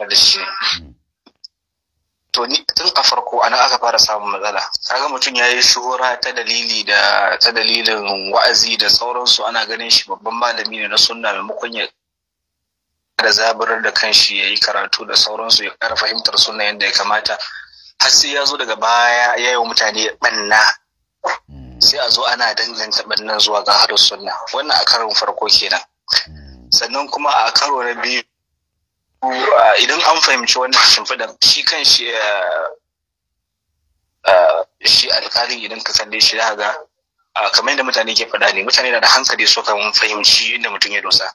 tare da shi hmm. to ni tun a farko ana aka fara samun matsala kaga mutum ya yi shuhura ta dalili da ta dalilin wa'azi da sauransu ana ganin shi babban malami ne na sunna maimakon ya da zaburar da kanshi ya yi karatu da sauransu ya kara fahimtar sunna yadda ya kamata har sai ya zo daga baya ya yi wa mutane banna hmm. sai a zo ana danganta bannan zuwa ga harin sunna wannan a karon farko kenan hmm. sannan kuma a karo na biyu idan an fahimci wannan shimfiɗan shi kan shi eh, eh, shi alƙalin idan ka kalle shi daga ga ah, kamar yadda mutane ke faɗa ne mutane na da hankali so kan fahimci inda mutum ya dosa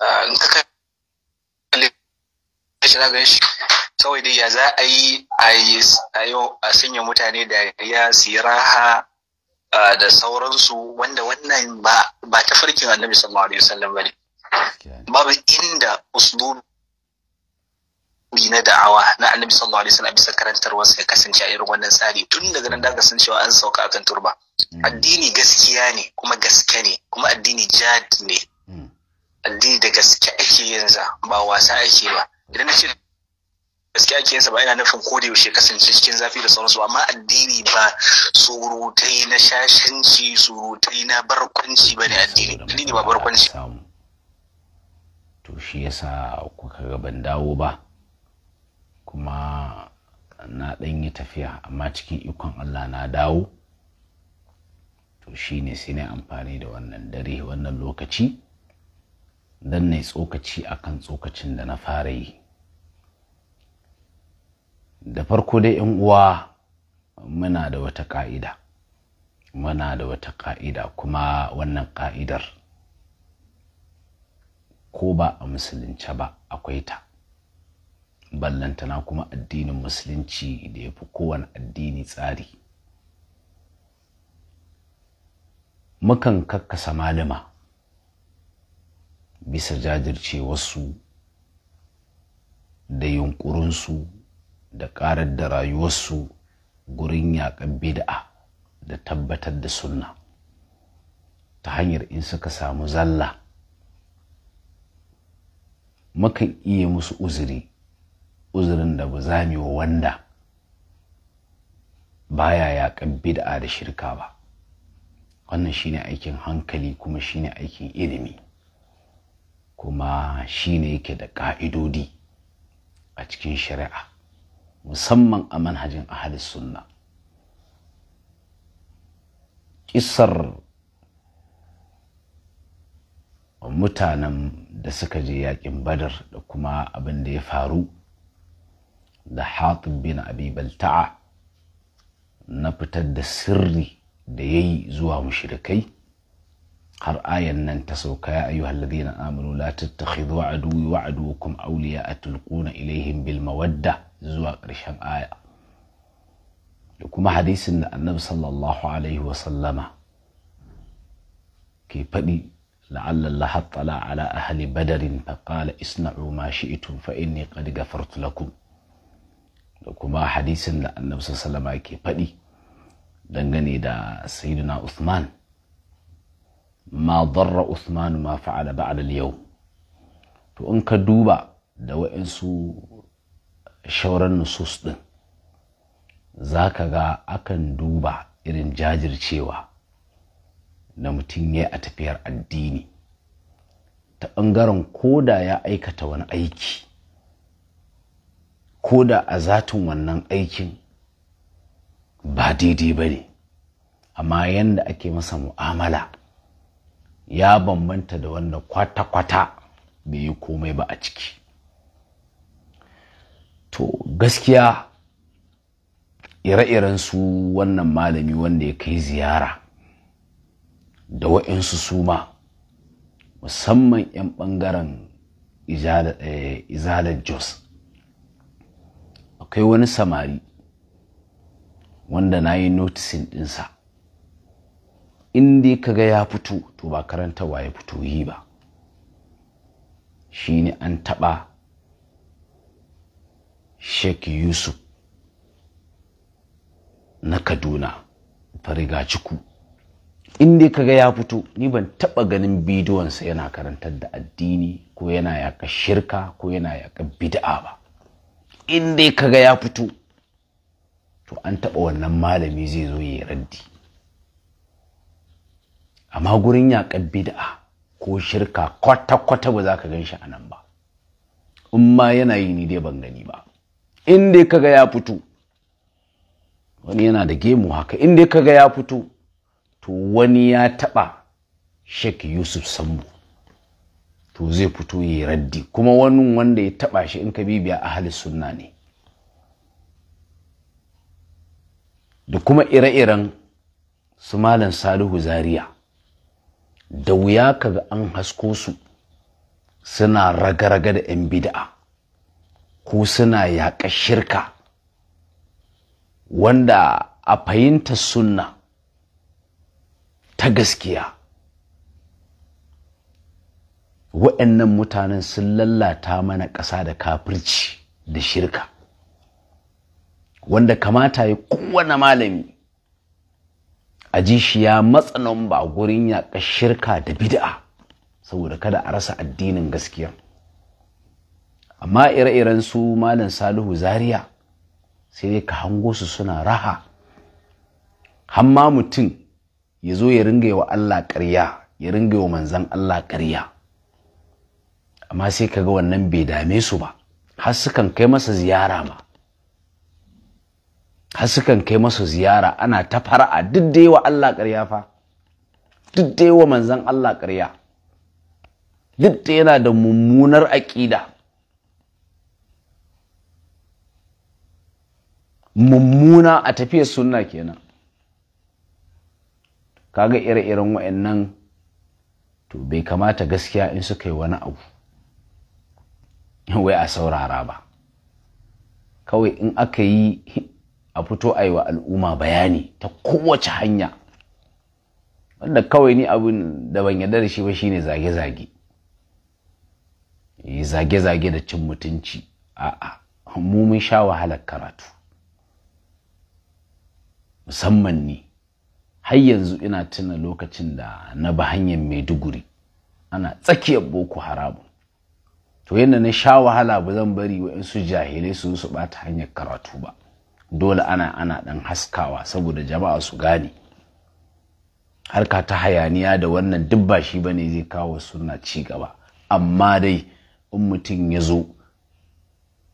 ah, in ka kalle shi za shi kawai dai ya za a yi a sanya mutane da ya siraha ah, da sauransu wanda wannan ba ta farkin annabi sallallahu alaihi wasallam bane babu inda uslubi ni na da'awa na annabi sallallahu alaihi wasallam bisa wasu ya kasance a irin wannan tsari tun daga nan daga san cewa an sauka akan turba hmm. addini gaskiya ne kuma gaske ne kuma addini jad ne hmm. addini da gaske ake yanzu ba wasa ake ba idan na ce gaskiya ake yinsa ba yana nufin ko da yaushe kasance cikin zafi da sauransu amma addini ba surutai na shashanci surutai na barkwanci ba ne addini addini ba barkwanci to shi yasa kuka ga ban dawo ba kuma na ɗan yi tafiya amma cikin ikon allah na dawo to shi ne sai na amfani da wannan dare wannan lokaci don na yi tsokaci akan tsokacin da na fara yi da farko dai yan uwa muna da wata ƙa'ida muna da wata ƙa'ida kuma wannan ƙa'idar ko ba a musulunce ba akwai ta ballantana kuma addinin musulunci da ya fi kowane addini tsari mukan kakkasa malama bisa jajircewarsu da yunkurinsu da ƙarar da rayuwarsu gurin yaƙar bid'a da tabbatar da sunna ta hanyar in suka samu zalla mukan iya musu uzuri uzurin da ba za mu wanda baya yaƙar bid'a da shirka ba wannan shine aikin hankali kuma shine aikin ilimi kuma shine yake da ƙa'idodi a cikin shari'a musamman a manhajin ahli sunna ƙisar mutanen da suka je yaƙin badar da kuma abin da ya faru da hatib bin abi balta'a na fitar da sirri da ya yi zuwa mushrikai har ayan nan ta sauka ya ayyuha alladhina amanu la tattakhidhu aduwwi wa aduwwakum awliya tulquna ilaihim bil mawadda zuwa ƙarshen aya da kuma hadisin da annabi sallallahu alaihi wa sallama ke faɗi لعل ala اطلع badarin أهل بدر فقال اصنعوا ما شئتم فإني قد غفرت لكم da kuma hadisin da annabi sallama ke faɗi dangane da sayyidina Uthman ma darra Uthman ma fa'ala ba'da yau to in ka duba da wa'insu shauran nusus ɗin, za ka ga akan duba irin jajircewa na mutum ya a tafiyar addini ta ɓangaren koda ya aikata wani aiki ko da a zatin wannan aikin ba daidai ba ne amma yadda ake masa mu'amala ya bambanta da wanda kwata-kwata bai yi komai ba a ciki to gaskiya ire-iren su wannan malami wanda ya kai ziyara da wa'insu suma musamman 'yan ɓangaren izalar eh, jos akwai wani samari wanda na yi notisin ɗinsa inda dai kaga ya fito to ba karantawa ya fito yi ba shi ne an taɓa shek Yusuf na Kaduna fariga ciku in dai kaga ya fito ni ban taɓa ganin bidiyonsa yana karantar da addini ko yana yaƙa shirka ko yana yaƙa bid'a ba in dai kaga ya fito to an taɓa wannan malami zai zo ya raddi amma gurin yaƙar bid'a ko shirka kwata-kwata ba za ka gan shi a nan ba in ma yana yi ni dai ban gani ba in dai kaga ya fito wani yana da gemu haka in dai kaga ya fito to wani ya taɓa Sheikh Yusuf Sambu to zai fito yi raddi kuma wani wanda ya taba shi in ka bibiya halis sunna ne da kuma ire-iren su malam salihu zaria da wuya ka ga an hasko su suna raga-raga da 'yan bida'a ko suna yaƙa shirka wanda a fahimtar sunna ta gaskiya wa'annan mutanen sun lalata mana ƙasa da kafirci da shirka wanda kamata ya kowane malami a ji shi ya matsanan ba gurin yaƙa shirka da bid'a saboda kada a rasa addinin gaskiya amma ire-iren su malam salihu zaria sai dai ka hango su suna raha hamma mutum ya zo ya ringa wa Allah ƙarya ya ringa wa manzan Allah ƙarya amma sai kaga wannan bai dame su ba har sukan kai masa ziyara ba. har sukan kai masa ziyara ana ta fara'a duk da yawa Allah ƙarya fa duk da yawa manzon Allah ƙarya duk da yana da mummunar aƙida mummuna a tafiyar sunna kenan kaga ire-iren wa'annan to bai kamata gaskiya in suka yi wani abu wai a saurara ba kawai in aka yi a fito a yi wa al'umma bayani ta kowace hanya wanda kawai ni abin da ban yarda da shi ba shine zage-zage eh, zage-zage da cin mutunci a'a mu mun sha wahalar karatu musamman ni har yanzu ina tuna lokacin da na ba hanyar maiduguri ana tsakiyar boko haramu to yadda na sha wahala ba zan bari su jahilai su su bata hanyar karatu ba dole ana ana ɗan haskawa saboda jama'a su gane harka ta hayaniya da wannan duk ba ne zai kawo suna ci gaba amma dai in mutum ya zo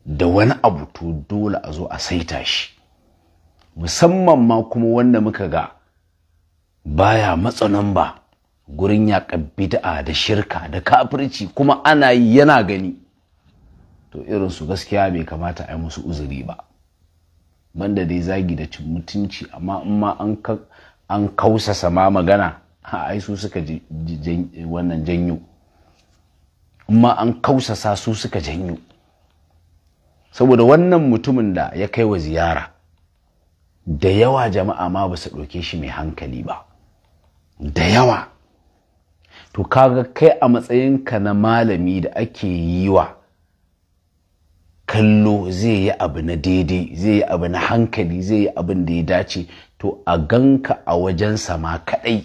da wani abu to dole a zo a saita shi musamman ma kuma wanda muka ga baya matsanan ba gurin yaƙa bid'a da shirka da kafirci kuma ana yi yana gani to irin su gaskiya bai kamata a yi musu uzuri ba banda dai zagi da cin mutunci amma in ma an kausasa ma magana a ai su suka wannan janyo in ma an kausasa su suka janyo saboda wannan mutumin da ya kai wa ziyara da yawa jama'a ma ba su ɗauke shi mai hankali ba da yawa to kaga kai a matsayinka na malami da ake yi wa kallo zai yi abu na daidai zai yi abu na hankali zai yi abin da ya dace to a ganka a wajen sama kaɗai.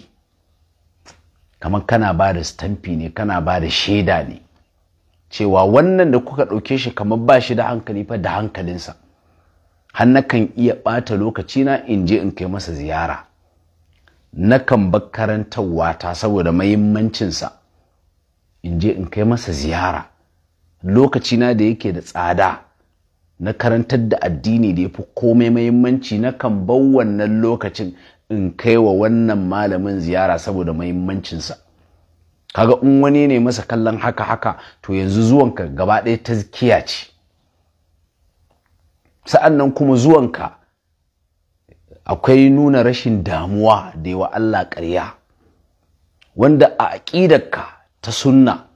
kamar kana ba da stamfi ne kana ba da shaida ne cewa wannan da kuka ɗauke shi kamar ba shi da hankali fa da hankalinsa har nakan iya ɓata lokacina in je in kai masa ziyara Nakan kan bar karantarwa saboda mahimmancinsa in je in kai masa ziyara lokacina da yake da tsada na karantar da addini da ya fi komai mahimmanci na kan bar wannan lokacin in kai wa wannan malamin ziyara saboda mahimmancinsa kaga in wani ne masa kallon haka haka to yanzu zuwanka gaba ɗaya ta ce sa'an nan kuma zuwanka akwai nuna rashin damuwa da yawa Allah ƙarya wanda a aƙidarka ta sunna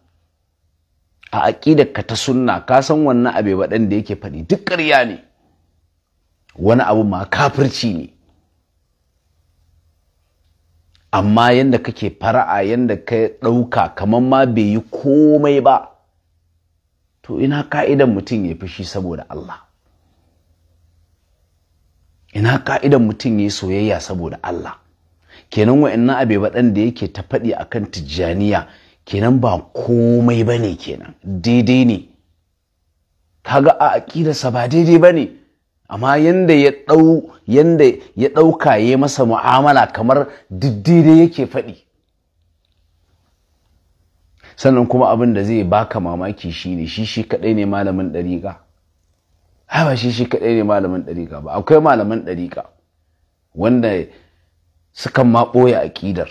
a aƙidarka ta sunna ka san wannan abe baɗan da yake faɗi duk ƙarya ne wani abu ma kafirci ne amma yadda kake fara'a yadda ka ɗauka kamar ma bai yi komai ba to ina ka'idan mutum ya fushi saboda Allah ina ka'idan mutum ya yi soyayya saboda Allah kenan wa'annan abe baɗan da yake ta faɗi a kan tijjaniya kenan ba komai ba ne kenan daidai ne kaga a aƙidarsa ba daidai ba ne amma yanda ya ɗau yanda ya ɗauka ya masa mu'amala kamar daidai yake faɗi sannan kuma abin da zai baka mamaki shine shi shi kaɗai ne malamin ɗariƙa A ba shi shi kaɗai ne malamin ɗariƙa ba akwai malaman ɗariƙa wanda sukan ma ɓoye aƙidar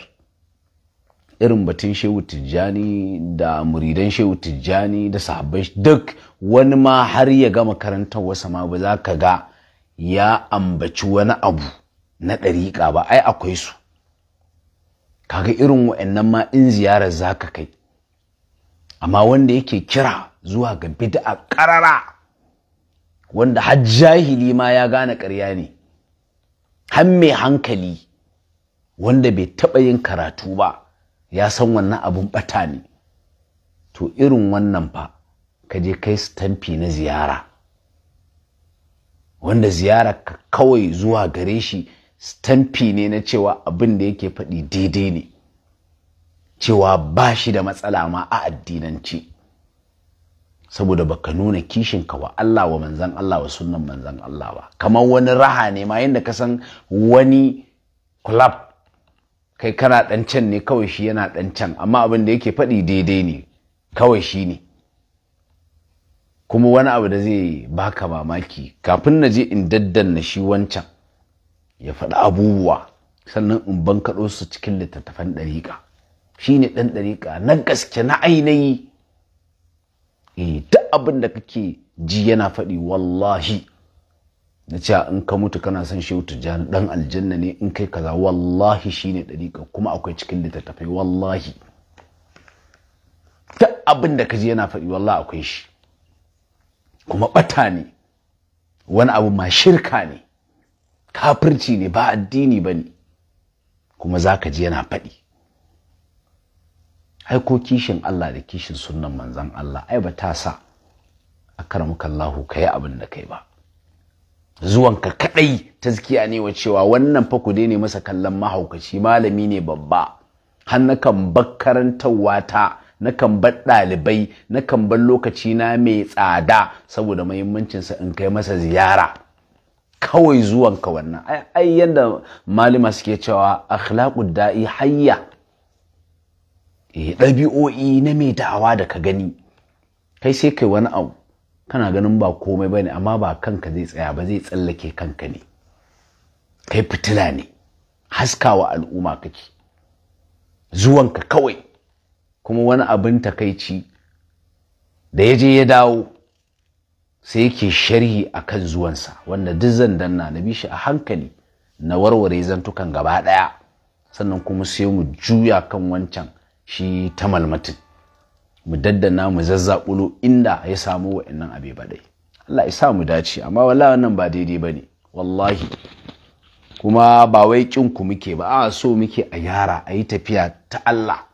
irin batun shehu tijjani da muridan shehu tijjani da sahabbai duk wani ma har ya gama karantar wasa ma ba za ka ga ya ambaci wani abu na ɗariƙa ba ai akwai su kaga irin wa'annan ma in ziyarar za ka kai amma wanda yake kira zuwa ga bid'a ƙarara wanda har jahili ma ya gane ƙarya ne har mai hankali wanda bai taɓa yin karatu ba ya san wannan abun ɓata ne to irin wannan fa ka je kai stamfi na ziyara wanda ziyara ka kawai zuwa gare shi stamfi ne na cewa abin da yake faɗi daidai ne cewa ba shi da matsala ma a addinance saboda baka nuna kishin ka wa Allah wa manzan Allah wa sunan manzan Allah ba kamar wani raha ne ma yadda ka san wani club kai kana dan can ne kawai shi yana dan can amma abin da yake faɗi daidai ne kawai shi ne kuma wani abu da zai baka mamaki kafin na je in daddanna shi wancan ya faɗi abubuwa sannan in bankaɗo su cikin littattafan ɗariƙa shi ne ɗan ɗariƙa na gaske na ainihi duk abin da kake ji yana faɗi wallahi na ce ah, in ka mutu kana son wuta tijjani dan aljanna ne in kai kaza wallahi shine ɗariƙa kuma akwai cikin littattafai wallahi ta abin da ka ji yana faɗi wallahi akwai shi kuma ɓata ne wani abu ma shirka ne kafirci ne ba addini ba ne kuma za ka ji yana faɗi ai kishin Allah da kishin sunnan manzan Allah ai ba ta sa a karamakallahu ka yi abin da kai ba zuwanka kadai tazkiya ne wa cewa wannan fa ku ne masa kallon mahaukaci malami ne babba har nakan bar karantarwa ta nakan bar ɗalibai nakan bar lokaci na mai tsada saboda mahimmancinsa in kai masa ziyara kawai zuwanka wannan ai yanda malima suke cewa akhlaqud da'i hayya Eh, ɗabi'o'i na mai da'awa da ka gani kai sai kai wani abu kana ganin ba komai ba ne amma ba kanka zai tsaya ba zai tsallake kanka ne kai fitila ne haskawa al'umma kake zuwanka kawai kuma wani abin takaici da ya je ya dawo sai yake sharhi a kan zuwansa wanda duk zandan na na shi a hankali na warware zantukan gaba ɗaya sannan kuma sai mu juya kan wancan shi ta malmatin mu daddana mu zazzaɓulo inda ya samu wa'annan abe baɗai Allah ya sa mu dace amma wala wannan ba daidai ba ne wallahi kuma ba wai ƙin ku muke ba a so muke a yara a yi tafiya ta Allah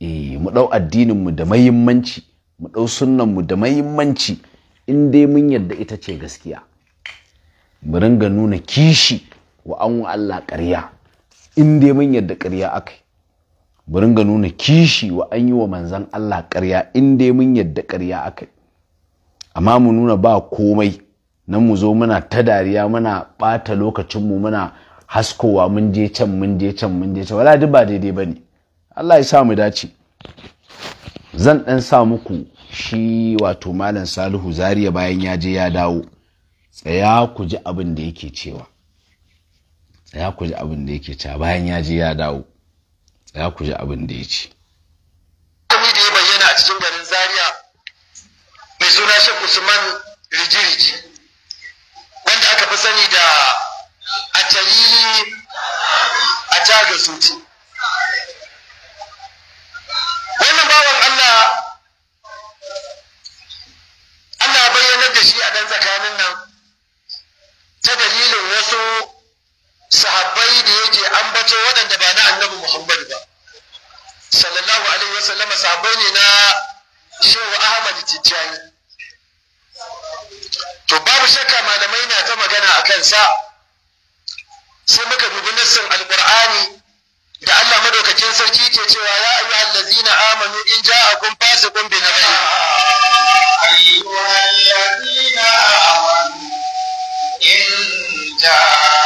eh mu ɗau addinin mu da mahimmanci mu ɗau sunnan mu da mahimmanci in dai mun yadda ita ce gaskiya mu ringa nuna kishi wa an Allah ƙarya in dai mun yadda ƙarya akai mu ringa nuna kishi wa an yi wa manzan Allah karya, in mun yadda karya aka yi amma mu nuna ba komai nan mu zo muna ta dariya muna ɓata lokacinmu muna haskowa mun je can mun je can mun je can wala duk ba daidai ba ne Allah ya sa mu dace zan ɗan sa muku shi wato malam salihu zariya bayan ya je ya dawo tsaya ku ji abin da yake cewa tsaya ku ji abin da yake cewa bayan ya je ya dawo tsaya ku abin da ya ce Kami da ya bayyana a cikin garin zaria mai suna shek usman rijiriji wanda aka fi sani da a tarihi a taga suti wannan bawan allah allah bayyanar da shi a ɗan tsakanin nan ta dalilin wasu sahabbai da yake ambato waɗanda ba na annabi Muhammadu ba sallallahu alaihi wasallama sahabbai ne na shehu ahmad tijjani to babu shakka malamai na ta magana a kansa sai muka dubi nassin alqur'ani da Allah madaukakin sarki ke cewa ya ayyuhal ladzina amanu in ja'akum fasiqun bi nabain ayyuhal amanu in ja'akum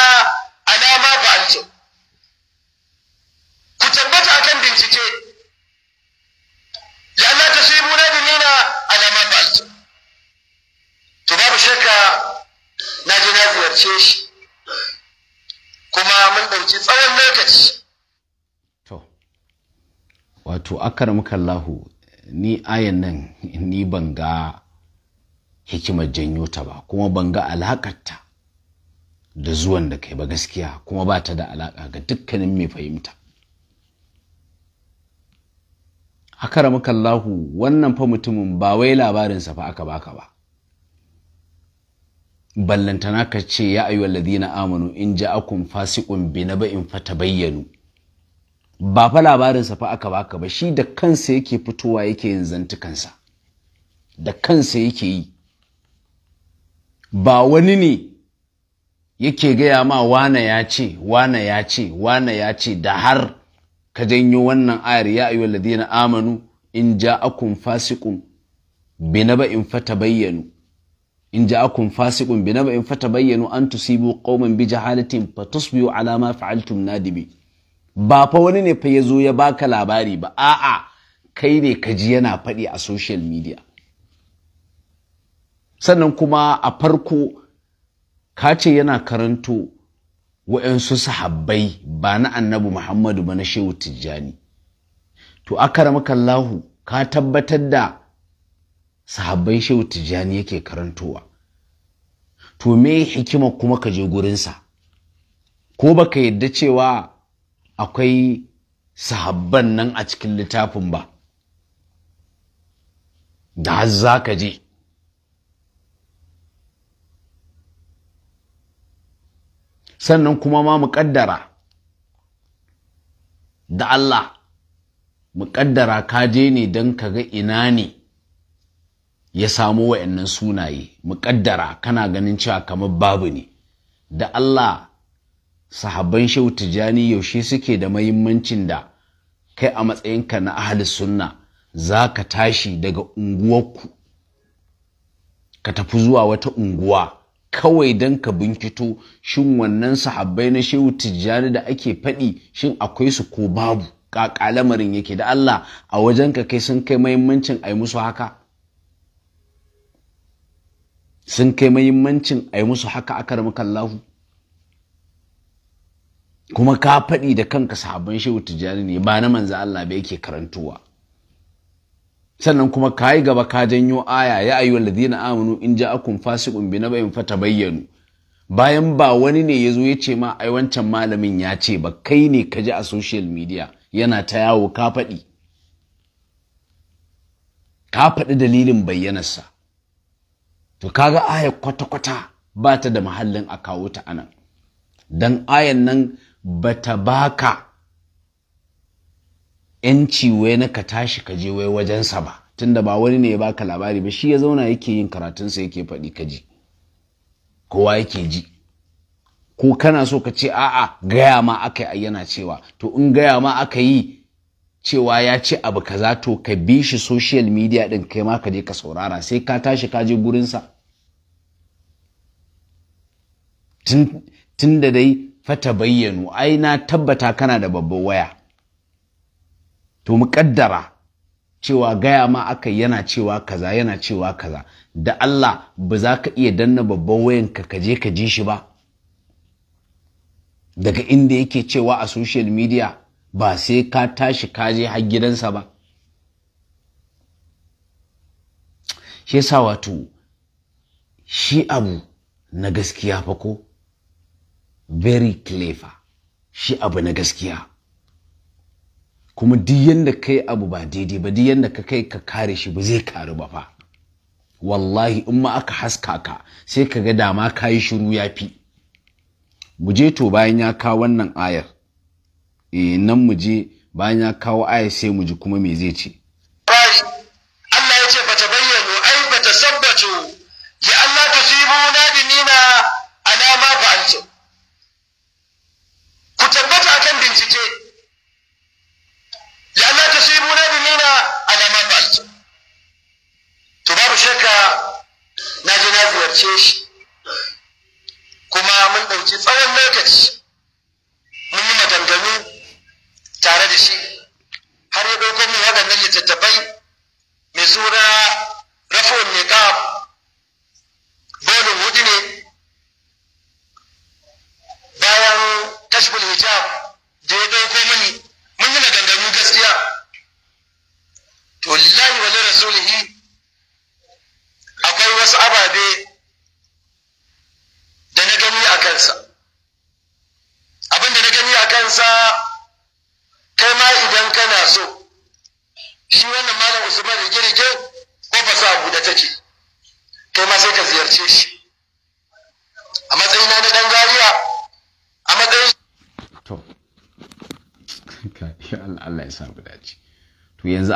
akaramakallahu ni ayan nan ni ban ga hikimar janyo ta ba kuma ban ga ta da zuwan da kai ba gaskiya kuma ba ta da alaka ga dukkanin mai fahimta lahu wannan fa mutumin ba wai labarinsa fa aka baka ba ballantana ka ce ya ayyuhallazina amanu in ja'akum fasiqun bi naba'in fatabayyanu bayyanu ba fa labarinsa fa aka baka ba shi da kansa yake fitowa yake yin zantukansa da kansa yake yi ba wani ne yake gaya ma wane ya ce wane ya ce wane ya ce da har ka janyo wannan ayar ya ayyuhal ladina amanu in akun fasiqun bina ba in ja'akum fasiqun fata bayyanu an tusibu qauman bi jahalatin fatusbihu ala ma fa'altum nadibi ba fa wani ne fa ya zo ya baka labari ba a'a kai ne ka ji yana faɗi a social media sannan kuma a farko ka ce yana karanto wa'yansu sahabbai ba na annabi muhammadu ba na shehu tijjani to akaramakallahu ka tabbatar da sahabbai shehu tijjani yake karantowa to me hikima kuma ka je gurinsa ko baka yadda cewa akwai sahabban nan a cikin littafin ba da har za ka je sannan kuma ma mu ƙaddara da Allah mu ƙaddara ka je ne don ka ga ina ne ya samu wa'annan sunaye mu ƙaddara kana ganin cewa kamar babu ne da Allah sahabban shehu tijjani yaushe suke da mahimmancin da kai a matsayinka na ahli sunna za ka tashi daga unguwarku ka tafi zuwa wata unguwa kawai don ka binkito shin wannan sahabbai na shehu tijjani da ake faɗi shin akwai su ko babu ƙaƙa lamarin yake da Allah a wajenka kai sun kai mahimmancin a yi musu haka sun kai mahimmancin a yi musu haka a ramakan lahu kuma ka faɗi da kanka sabon shehu tijjani ne ba na manzo Allah ba yake karantuwa sannan kuma ka yi gaba ka janyo aya ya wanda ladina amanu in ja'akum fasiqun bi fata fatabayyanu bayan ba wani ne ya zo ya ce ma ai wancan malamin ya ce ba kai ne ka ji a social media yana ta yawo ka faɗi ka faɗi dalilin bayyanarsa to kaga a'ya kwata-kwata ba ta da mahallin a kawo ta anan don ayan nan bata baka yanci wai na ka tashi ka je wai wajensa ba tunda ba wani ne ya baka labari ba shi ya zauna yake yin karatunsa yake faɗi ka ji kowa yake ji ko kana so ka ce a'a gaya ma aka yi yana cewa to in gaya ma aka yi cewa ya ce abu kaza to ka bi shi social media ɗin kai ma ka je ka saurara sai ka tashi ka je gurinsa tun da dai fata bayyanu ai na tabbata kana da babban waya to muƙaddara cewa gaya ma aka yana cewa kaza yana cewa kaza da Allah ba za ka iya danna babban wayanka ka je ka ji shi ba daga inda yake cewa a social media ba sai ka tashi ka je har gidansa ba shi yasa wato shi abu na gaskiya fa ko very clever shi abu na gaskiya kuma duk yadda kai abu ba daidai ba duk yadda ka kai ka kare shi ba zai karu ba fa wallahi in ma aka haska ka sai ka ga dama ka yi shiru ya fi mu je to bayan ya kawo wannan ayar e nan mu je bayan ya kawo ayar sai mu ji kuma me zai ce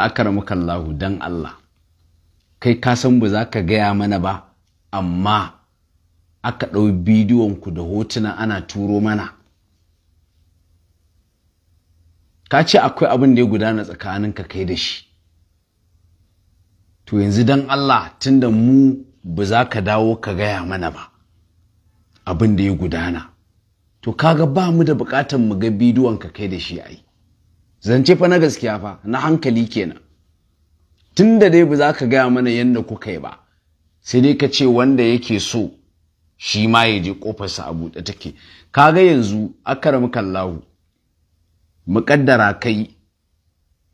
akramakallahu don Allah kai kasan san ba za ka gaya mana ba amma aka ɗau bidiyonku da hotuna ana turo mana ka ce akwai abin da ya gudana tsakanin ka kai da shi to yanzu don Allah tunda mu ba za ka dawo ka gaya mana ba abin da ya gudana to kaga ba mu da bukatan mu ga bidiyon ka kai da shi ai zance fa na gaskiya fa na hankali kenan tun da dai ba za ka gaya mana yadda kuka yi ba sai dai ka ce wanda yake so shi ma ya je kofarsa a buɗe take ka ga yanzu akaramu kallahu muƙaddara kai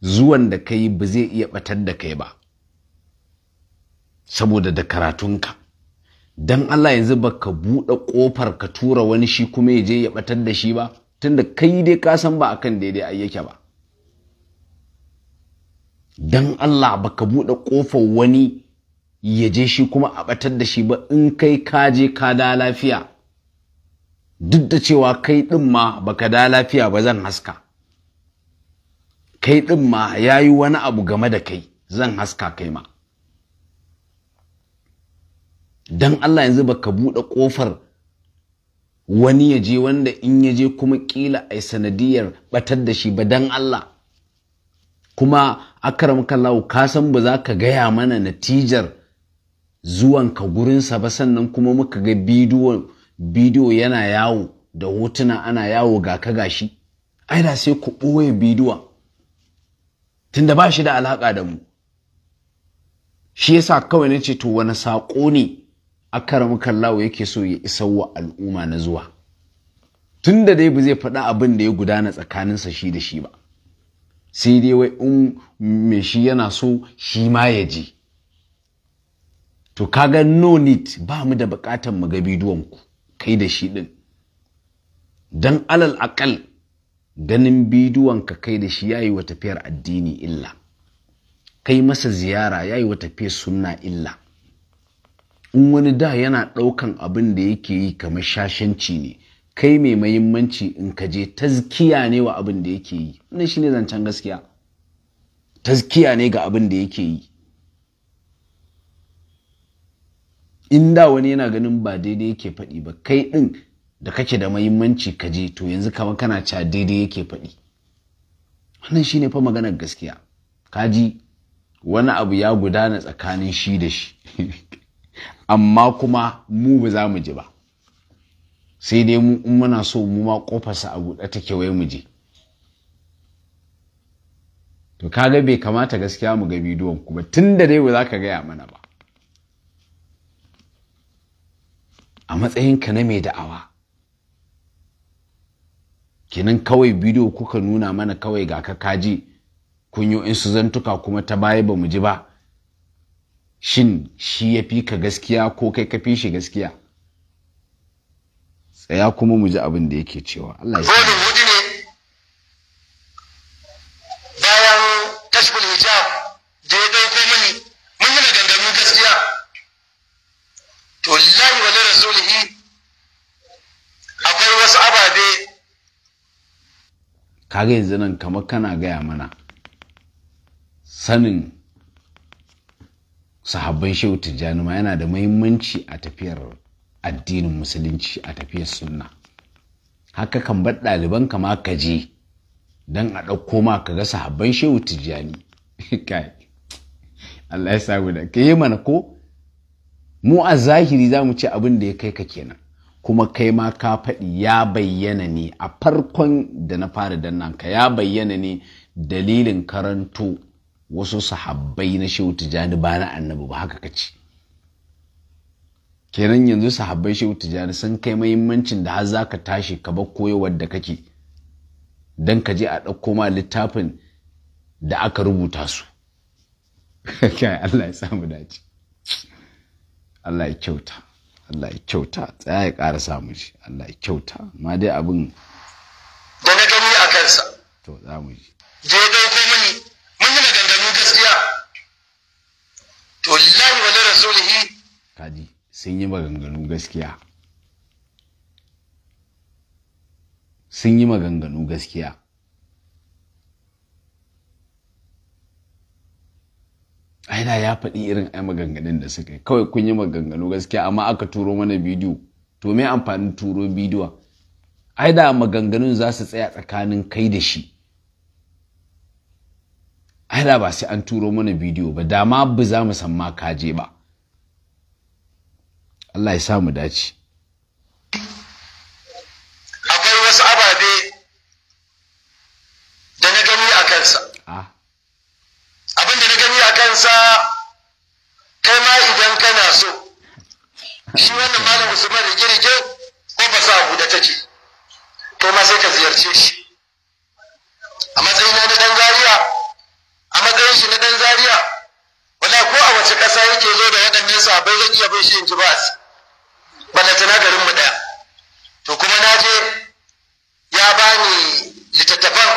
zuwan da kai ba zai iya ɓatar da kai ba saboda da karatunka don Allah yanzu ba ka buɗe ƙofar ka tura wani shi kuma ya je ya ɓatar da shi ba tunda kai dai ka san ba kan daidai ayyake ba don Allah baka buɗe ƙofar wani ya je shi kuma a ɓatar da shi ba in kai ka je ka da lafiya duk da cewa kai ɗin ma baka da lafiya ba zan haska kai ɗin ma ya yi wani abu game da kai zan haska kai ma don Allah yanzu baka buɗe ƙofar wani ya je wanda in ya je kuma ƙila a sanadiyar ɓatar da shi ba don Allah kuma akaram kallahu ka san ba za ka gaya mana natijar zuwan ka gurinsa ba sannan kuma muka ga bidiyo yana yawo da hotuna ana yawo ga ka gashi ai da sai ku ɓoye bidiyon tunda ba shi da alaƙa da mu shi yasa kawai na ce to wani saƙo ne akaram kallahu yake so ya isar wa al'umma na zuwa tunda dai ba zai faɗa abin da ya gudana tsakaninsa shi da shi ba sai dai wai in me shi yana so shi ma ya ji to kaga no need ba mu da bukatan mu ga ku, kai da shi din don alal akal ganin bidiyonka kai da shi yayi wa tafiyar addini illa kai masa ziyara yayi wa tafiyar sunna illa in wani da yana ɗaukan abin da yake yi kamar shashanci ne kai mai mahimmanci in ka je tazkiya ne wa abin da yake yi wannan shine zancen gaskiya tazkiya ne ga abin da yake yi in da wani yana ganin ba daidai yake faɗi ba kai ɗin da kake da mahimmanci ka je to yanzu kama kana ca daidai yake faɗi wannan shine fa maganar gaskiya kaji wani abu ya gudana tsakanin shi da shi amma kuma mu ba za mu ji ba sai dai mu in muna so mu ma kofarsa a buɗe ta kewaye mu je to kaga bai kamata gaskiya mu ga bidiyon ku ba tun da dai ba za ka gaya mana ba a matsayin ka na mai da'awa kenan kawai bidiyo kuka nuna mana kawai ga ka kaji kun yi in su zantuka kuma ta baya ba mu ji ba shin shi ya fi ka gaskiya ko kai ka fi shi gaskiya tsaya kuma mu ji abin da yake cewa Allah ya ne bayan kashful hijab da ya dauko mini mun yi maganganun gaskiya to lillahi wa rasulihi akwai wasu ababe kaga yanzu nan kamar kana gaya mana sanin sahabban shehu tijjani ma yana da muhimmanci a tafiyar addinin musulunci a tafiyar sunna haka kan bar ɗaliban ka ma ka je don a ɗauko ma ka ga sahabban shehu tijjani kai Allah ya samu da ka yi mana ko mu a zahiri za mu ce abin da ya kai ka kenan kuma kai ma ka faɗi ya bayyana ne a farkon da na fara dannan ka ya bayyana ne dalilin karanto wasu sahabbai na shehu tijjani ba na annabi ba haka ka ce kenan yanzu sahabbai shehu tijjani sun kai mahimmancin da har zaka tashi ka bar koyarwar da kake don ka je a ɗauko ma littafin da aka rubuta su kai Allah ya samu dace Allah ya kyauta Allah ya kyauta tsaya ya ƙara samu shi Allah ya kyauta ma dai abin da na gani a kansa to za mu ji da ya mini mun yi maganganu gaskiya to lillahi wa rasulihi kaji sun yi maganganu gaskiya sun yi maganganu gaskiya aida ya faɗi irin ai maganganun da suka yi kawai kun yi maganganu gaskiya amma aka turo mana bidiyo to me amfanin turo bidiyo da maganganun za su tsaya tsakanin kai da shi aida ba sai an turo mana bidiyo ba dama ba za mu san ma kaje ba Allah ya samu dace akwai wasu ababe da na gani a kansa abin da na gani a kansa kai ma idan kana so shi wannan malam usman rige-rige ko ba sa abu da ce. to ma sai ka ziyarce shi a matsayin na dan zariya a matsayin shi na dan zariya wala ko a wace ƙasa yake zo da waɗannan sabai zan iya bai shi in ji ba balantana garin mu ɗaya to kuma na je ya bani littattafan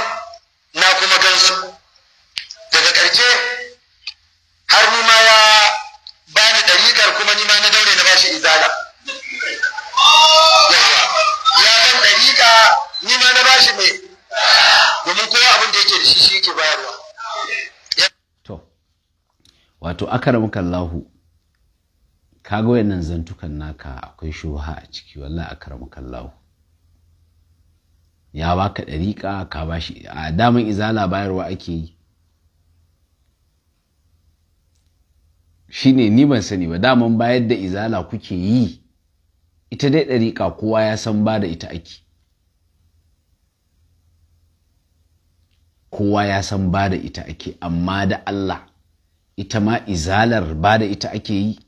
na kuma gansu daga ƙarshe har ni ma ya bani ɗariƙar kuma ni ma na daure na bashi izala ya ban ɗariƙa ni ma na bashi mai domin kowa abin da yake da shi shi ke bayarwa wato akaramukan lahu. kaga wayannan zantukan naka akwai shuha a ciki wallahi akramu kallahu ya baka ɗariƙa ka bashi a daman izala bayarwa ake yi shine ni ban sani ba daman bayar da izala kuke yi ita dai ɗariƙa kowa ya san ba da ita ake kowa ya san ba da ita ake amma da Allah ita ma izalar ba da ita ake yi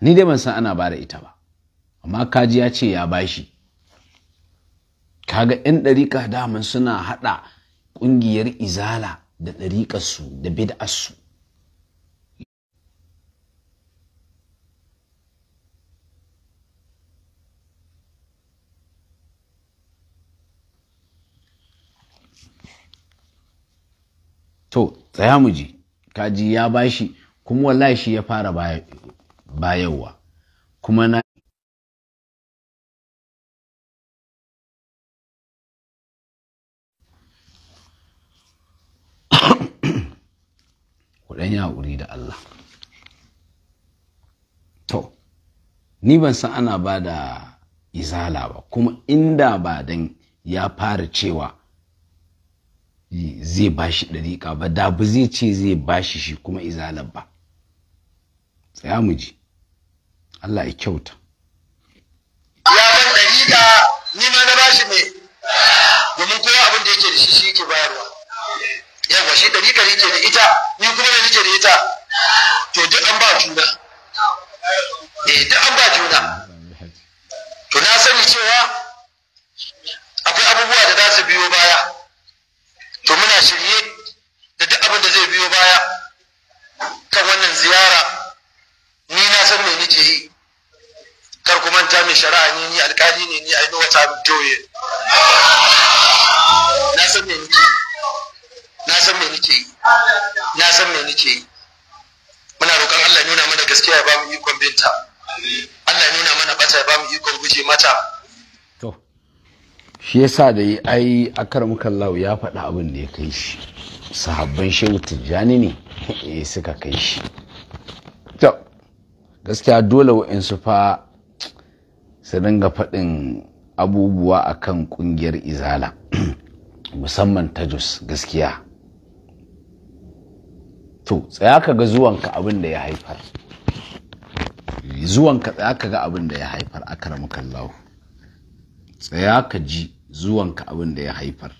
ni dai ban san ana ba da ita ba amma kaji ya ce ya bashi kaga 'yan ɗariƙa daman suna haɗa ƙungiyar izala da ɗariƙarsu da bid'arsu to tsaya mu je kaji ya bashi kuma wallahi shi ya fara bayarwa kuma na kuɗan yaƙuri da Allah to ni ban san ana ba da izala ba kuma inda ba dan ya fara cewa zai ba shi ɗariƙa ba da ba zai ce zai ba shi shi kuma izalar ba tsaya mu ji Allah ya kyauta ya ban da ni ma na bashi ne domin kowa abin da yake da shi shi yake bayarwa yawa shi ɗari dari ke da ita ni kuma da nake da ita to duk an ba juna eh duk an ba juna to na sani cewa akwai abubuwa da za su biyo baya to muna shirye da duk abin da zai biyo baya kan wannan ziyara ni na san me nake yi kar kuma manta mai shari'a ni ni alkali ne ni ainihin wata doye na san me nake na san me nake yi na san me nake yi muna roƙon Allah nuna mana gaskiya ya mu ikon binta Allah nuna mana bata ya mu ikon guje mata to shi yasa da yi ai muka lau ya faɗa abin da ya kai shi sahabban shehu tijjani ne eh suka kai shi to gaskiya dole wa'in su fa su ringa faɗin abubuwa a kan ƙungiyar izala musamman ta jos gaskiya to tsaya ka ga zuwanka abin da ya haifar zuwanka tsaya ka ga abin da ya haifar lau tsaya ka ji zuwanka abin da ya haifar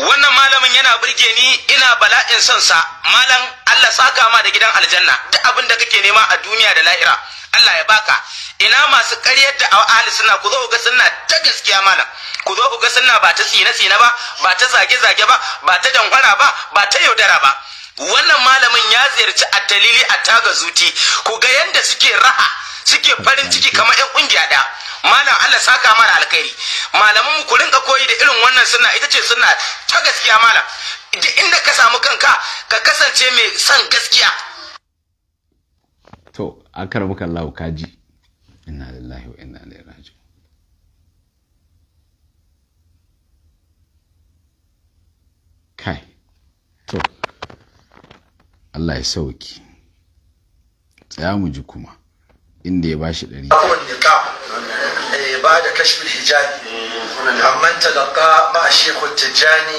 wannan malamin yana burge ni ina bala'in son sa malam Allah saka ma da gidan aljanna duk abin da kake nema a duniya da la'ira Allah ya baka ina masu ƙaryar da ahli suna ku zo ga sunna ta gaskiya malam ku zo ku ga sunna ba ta tsina tsina ba ba ta zage zage ba ba ta dankwara ba ba ta yaudara ba wannan malamin ya ziyarci a dalili a taga zuti ku ga yanda suke raha suke farin ciki kamar yan kungiya da malam Allah saka mana alkhairi malaman mu ku rinka koyi da irin wannan sunna ita ce sunna ta gaskiya malam inda ka samu kanka ka kasance mai son gaskiya akar muka Allah kaji inna lillahi wa inna ilaihi raji'un kai to Allah ya sauki tsaya mu ji kuma inda ya bashi ɗari. بعد كشف الحجاب عمن تلقى مع الشيخ التجاني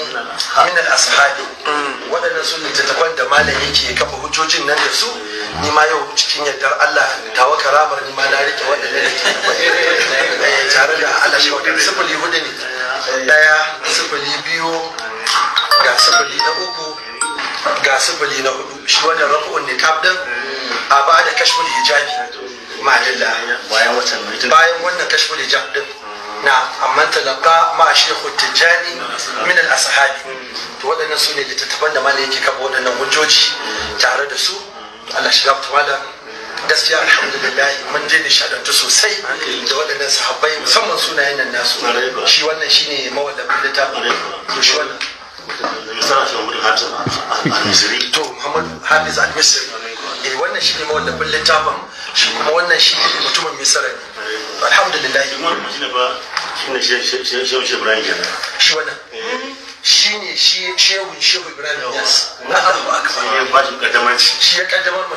من الأصحاب waɗannan su ne tattakwan da malam yake kafa hujjojin nan da su ni ma yau cikin yardar Allah tawa karamar ni ma na rike waɗannan da eh, tare da Allah shi waɗannan sifili hudu ne ɗaya sifili biyu ga sifili na uku ga sifili na hudu shi wannan rafu'un ne kaf din a ba kashfin hijabi madalla bayan watan bayan wannan kashful hijab din mm. na amma talaka ma shehu tijjani mm. min al ashabi to waɗannan su ne littattafan da malai yake kaba waɗannan hujjoji mm. tare da su Allah shiga tawala gaskiya alhamdulillah mun je nishadantu sosai da waɗannan sahabbai musamman sunayen nan nasu shi wannan shine mawallafin littafin to shi wannan to Muhammad Hafiz al-Misri eh wannan shine mawallafin littafin shi kuma wannan shi mutumin misira ne alhamdulillah shi wannan eh. shi ne shi shehun shehu ibrahim yas na abu akbar shi ya kaddamar ma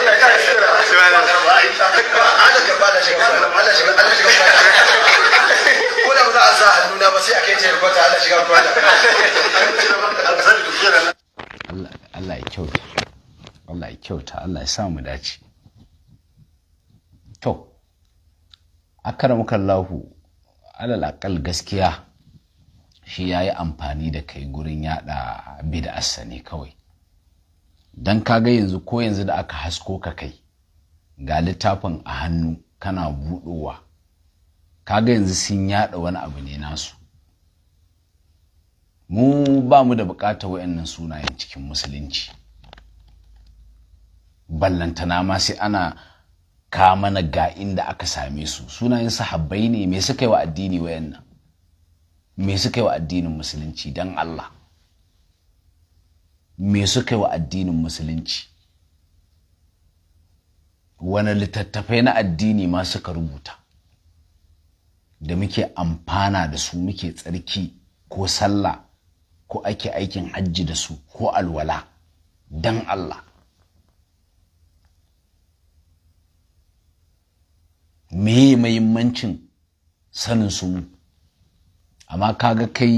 Allah ya shi shi ba da Allah Allah shi Allah shi ko da ba za a sa hannu ba sai a kai ta rubuta Allah shi ga ruwa Allah Allah ya kyauta Allah ya kyauta Allah ya sa mu dace to akramakallahu alal aqal gaskiya shi ya yi amfani da kai gurin yada bid'arsa ne kawai don kaga yanzu ko yanzu da aka hasko ka kai ga littafin a hannu kana buɗowa kaga yanzu sun yaɗa wani abu ne nasu mu ba mu da buƙatar wayannan sunayen cikin musulunci ballantana ma sai ana ka mana ga inda aka same su sunayen sahabbai ne me suka yi wa addini wayannan me suka yi wa addinin musulunci don Allah me suka wa addinin musulunci wani littattafai na addini ma suka rubuta da muke amfana da su muke tsarki ko sallah ko ake aikin hajji da su ko alwala don Allah yi mahimmancin sanin su amma kaga kai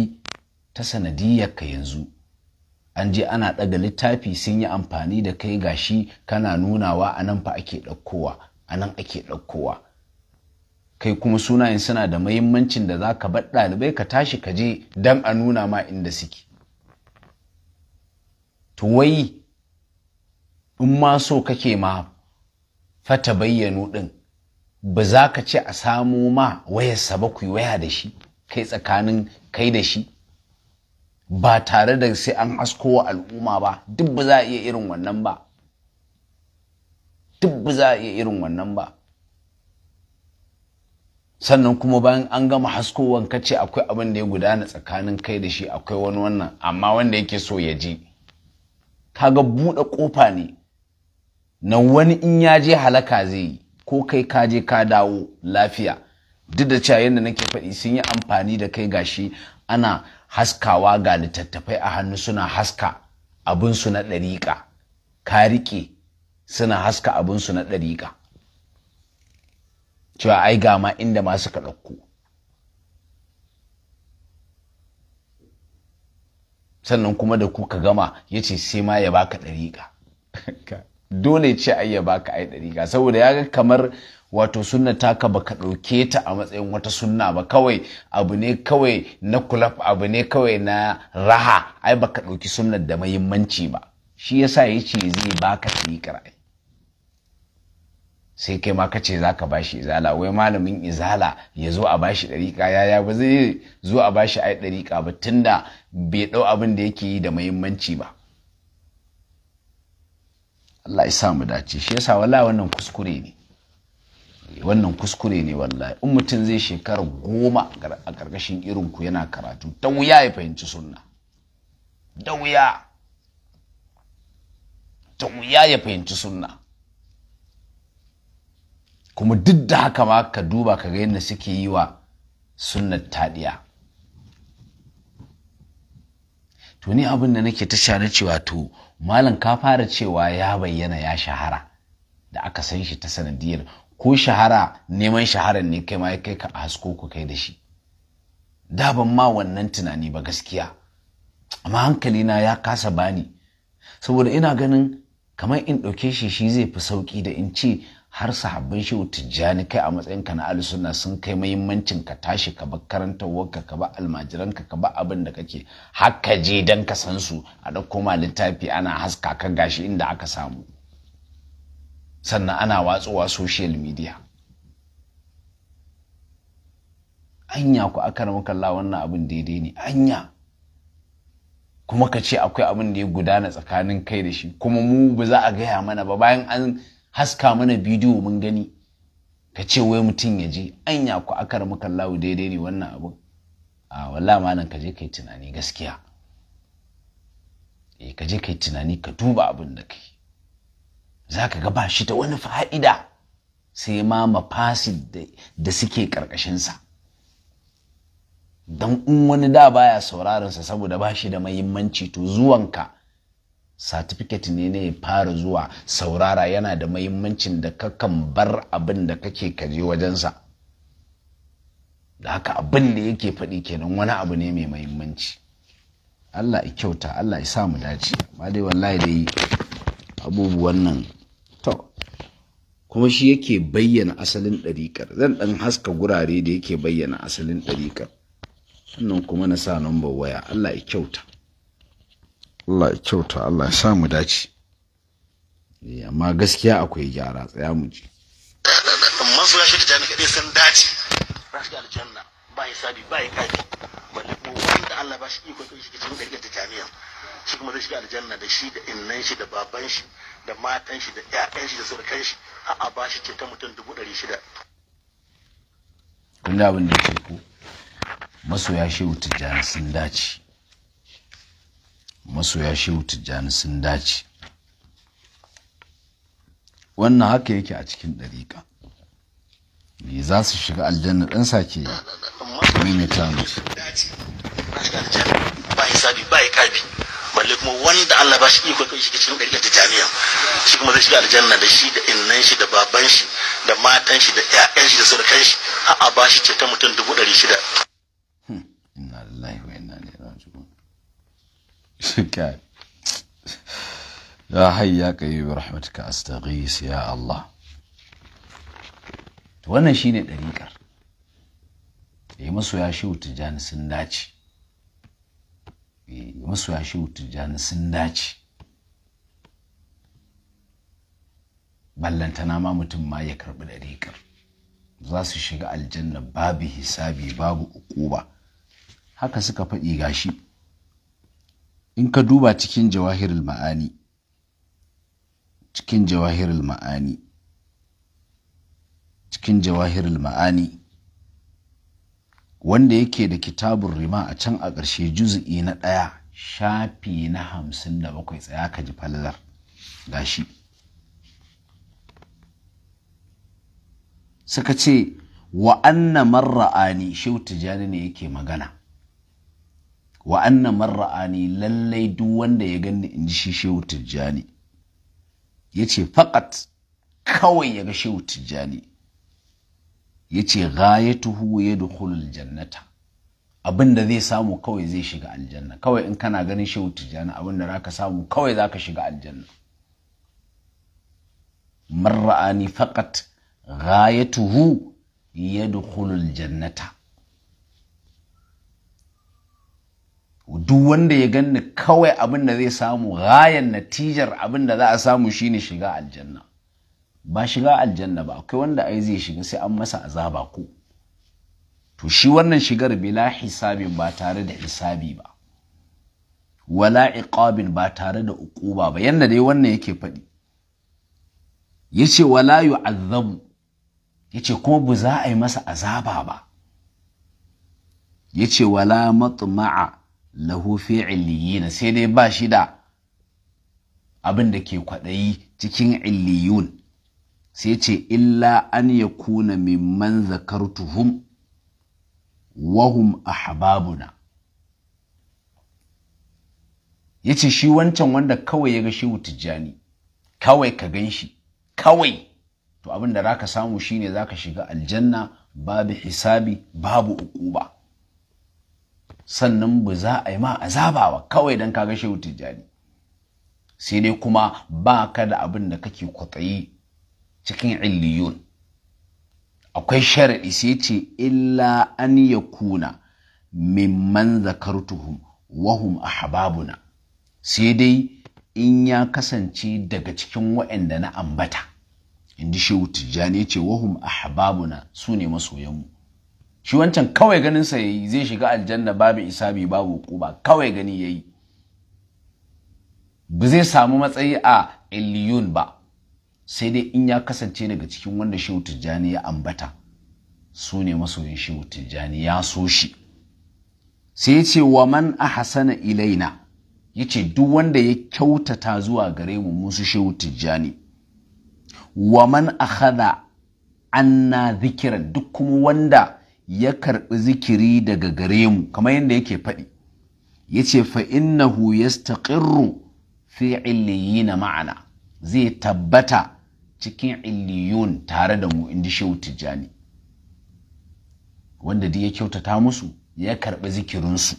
ta sanadiyar ka yanzu an je ana ɗaga littafi sun yi amfani da kai gashi kana nunawa a nan fa ake ɗaukowa a nan ake ɗaukowa kai kuma sunayen suna da mahimmancin da za ka bar ɗalibai ka tashi ka je don a nuna ma inda suke to wai in ma so kake ma fata bayyano ɗin ba za ka ce a samo ma wayarsa ba ku waya da shi kai tsakanin kai da shi ba tare da sai an hasko wa al'umma ba duk ba za a iya irin wannan ba duk ba za a iya irin wannan ba sannan kuma bayan an gama hasko wanka ce akwai abin da ya gudana tsakanin kai da shi akwai wani wannan amma wanda yake so ya je kaga buɗe ƙofa ne na wani in ya je halaka zai yi ko kai ka je ka dawo lafiya duk da cewa yadda nake faɗi sun yi amfani da kai gashi ana haskawa ga littattafai a hannu suna haska abinsu na ɗariƙa ka riƙe suna haska abinsu na ɗariƙa cewa ai ga ma inda ma suka ɗauko sannan kuma da kuka gama ya ce sai ma ya baka ɗariƙa dole ce ai ya baka ai ɗariƙa saboda ya ga kamar wato sunna taka baka ɗauke ta a matsayin wata sunna ba kawai abu ne kawai na kulaf abu ne kawai na raha ai baka ɗauki sunnar da mahimmanci ba shi yasa ya ce zai baka tsiƙar sai kai ma kace za ka bashi izala wai malamin izala ya zo a bashi ɗariƙa yaya ba zai zo a bashi ai ɗariƙa ba tunda bai ɗau abin da yake yi da mahimmanci ba Allah ya sa mu dace shi yasa wala wannan kuskure ne wannan kuskure ne wallahi in mutum zai shekara goma a ƙarƙashin irinku yana karatu ta wuya ya fahimci sunna da wuya ta wuya ya fahimci sunna kuma duk da haka ma ka duba ka gani yadda suke yi wa sunnar taɗiya to ni abin da nake ta share cewa to malam ka fara cewa ya bayyana ya shahara da aka san shi ta sanadiyar ko shahara neman shaharar ne kai ma ya kai ka a hasko ku kai da shi da ban ma wannan tunani ba gaskiya amma na ya kasa bani saboda ina ganin kamar in ɗauke shi shi zai fi sauƙi da in ce har sahabban shehu tijjani kai a matsayinka na alisunna sun kai mahimmancin ka tashi ka ba karantarwarka ka ba almajiranka ka ba abin da kake haka je dan ka san su a ɗauko ma littafi ana haska ka gashi inda aka samu sannan ana watsowa social media anya ku aka kalla wannan abin daidai ne anya kuma ka ce akwai abin da ya gudana tsakanin kai da shi kuma mu ba za a gaya mana ba bayan an haska mana bidiyo mun gani ka ce wai mutum ya je anya ku aka kalla daidai ne wannan abin a wallah malam ka je ka yi tunani gaskiya eh ka je ka yi tunani ka duba abin da kai za ka ga ba shi ta wani fa'ida sai ma mafasid da suke ƙarƙashinsa don in wani da baya sauraronsa saboda ba shi da mahimmanci to zuwanka satifiket ne ne fara zuwa saurara yana da mahimmancin da kakan bar abin da kake kaje wajensa da haka abin da yake faɗi kenan wani abu ne mai mahimmanci Allah ya kyauta Allah ya samu mu dace ba dai wallahi dai abubuwan nan to kuma shi yake bayyana asalin ɗariƙar zan ɗan haska gurare da yake bayyana asalin ɗariƙar sannan kuma na sa number waya Allah ya kyauta Allah ya kyauta Allah ya sa mu dace eh, amma gaskiya akwai gyara tsaya mu ji masu ya shirya jami'a kaɗai sun dace za su aljanna ba ya sabi ba ya kaji balle kuma da Allah ba shi iko kai shi cikin ɗariƙar ta jami'a shi kuma zai shiga aljanna da shi da innan shi da baban shi da matan shi da ƴaƴan shi da surukan shi har a bashi ce ta mutum dubu ɗari shida. kun da abin da ke ku masoya shehu tijjani sun dace masoya shehu tijjani sun dace wannan haka yake a cikin ɗariƙa ne za su shiga aljanna ɗan sake yi? musu ba hisabi ba kabi balle kuma wanda Allah ba shi iko kai shiga cikin ɗarikar jami'a, shi kuma zai shiga aljanna da shi da innan shi da baban shi da matan shi da ƴaƴan shi da surukan shi a ba shi ce ta mutum dubu ɗari shida. Hmm. inna lillahi wa inna ilaihi raji'un kai ya hayy ya qayyim bi rahmatika astaghis ya Allah to wannan shine ɗariƙar. eh masoya shehu tijani sun Eh, masoya shehu tijjani sun dace ballantana ma mutum ma ya karɓi ɗariƙar za su shiga aljanna babu hisabi babu ukuba haka suka faɗi gashi in ka duba cikin jawahirul ma'ani cikin jawahirul ma'ani cikin jawahirul ma'ani wanda yake da kitabun rima a can a ƙarshe juzu'i na ɗaya shafi na hamsin da bakwai tsaya ka ji falalar gashi suka ce wa anna marra'ani shehu tijjani ne yake magana wa marra'ani lallai duk wanda ya gani in ji shi shehu tijjani ya ce faƙat kawai ya ga shehu tijjani ya ce ghayatuhu ya dukhulul jannata abin da zai samu kawai zai shiga aljanna kawai in kana ganin shi tijjani abin da zaka samu kawai zaka shiga aljanna man ra'ani faqat ghayatuhu yadkhulul jannata duk wanda ya ganni kawai abin da zai samu gayan natijar abin da za a samu shine shiga aljanna ba shiga aljanna ba akwai wanda ai zai shiga sai an masa azaba ko to shi wannan shigar bila hisabin ba tare da hisabi ba wala iqabin ba tare da uquba ba yanda dai wannan yake faɗi yace wala yu'azzab yace kuma ba za a yi masa azaba ba yace wala matma'a lahu fi'liyin illiyina sai dai ba shi da abin da ke kwaɗayi cikin illiyun sai ce illa an ya kuna mimman zakartuhum wahum ahbabuna ya ce shi wancan wanda kawai ya ga shehu tijjani kawai ka gan shi kawai to abin da za ka samu shine za ka shiga aljanna babu hisabi babu ukuba sannan ba za a yi ma azabawa kawai don ka ga shehu tijjani sai dai kuma ba ka da abin da kake kwatsayi cikin illiyun akwai sharaɗi sai ce illa an ya kuna mimman zakartuhum wahum ahbabuna sai dai in ya kasance daga cikin waɗanda na ambata inda shehu tijjani ce wahum ahbabuna su ne masoyanmu shi wancan kawai ganin sa yayi zai shiga aljanna babu isabi babu kuba kawai gani yayi ba zai samu matsayi a illiyun ba sai dai in ya kasance daga cikin wanda shehu tijjani ya ambata su ne masoyin shehu tijjani ya so shi sai ya ce wa man hasana ilaina ya ce duk wanda ya kyautata zuwa gare mu musu shehu tijjani wa man an anna zikiran duk kuma wanda ya karɓi zikiri daga gare mu kamar yadda yake faɗi ya ce fa'innahu ya staƙirru fi na ma'ana zai tabbata cikin illiyun tare da mu inda shehu tijjani wanda dai ya kyautata musu ya karɓi zikirinsu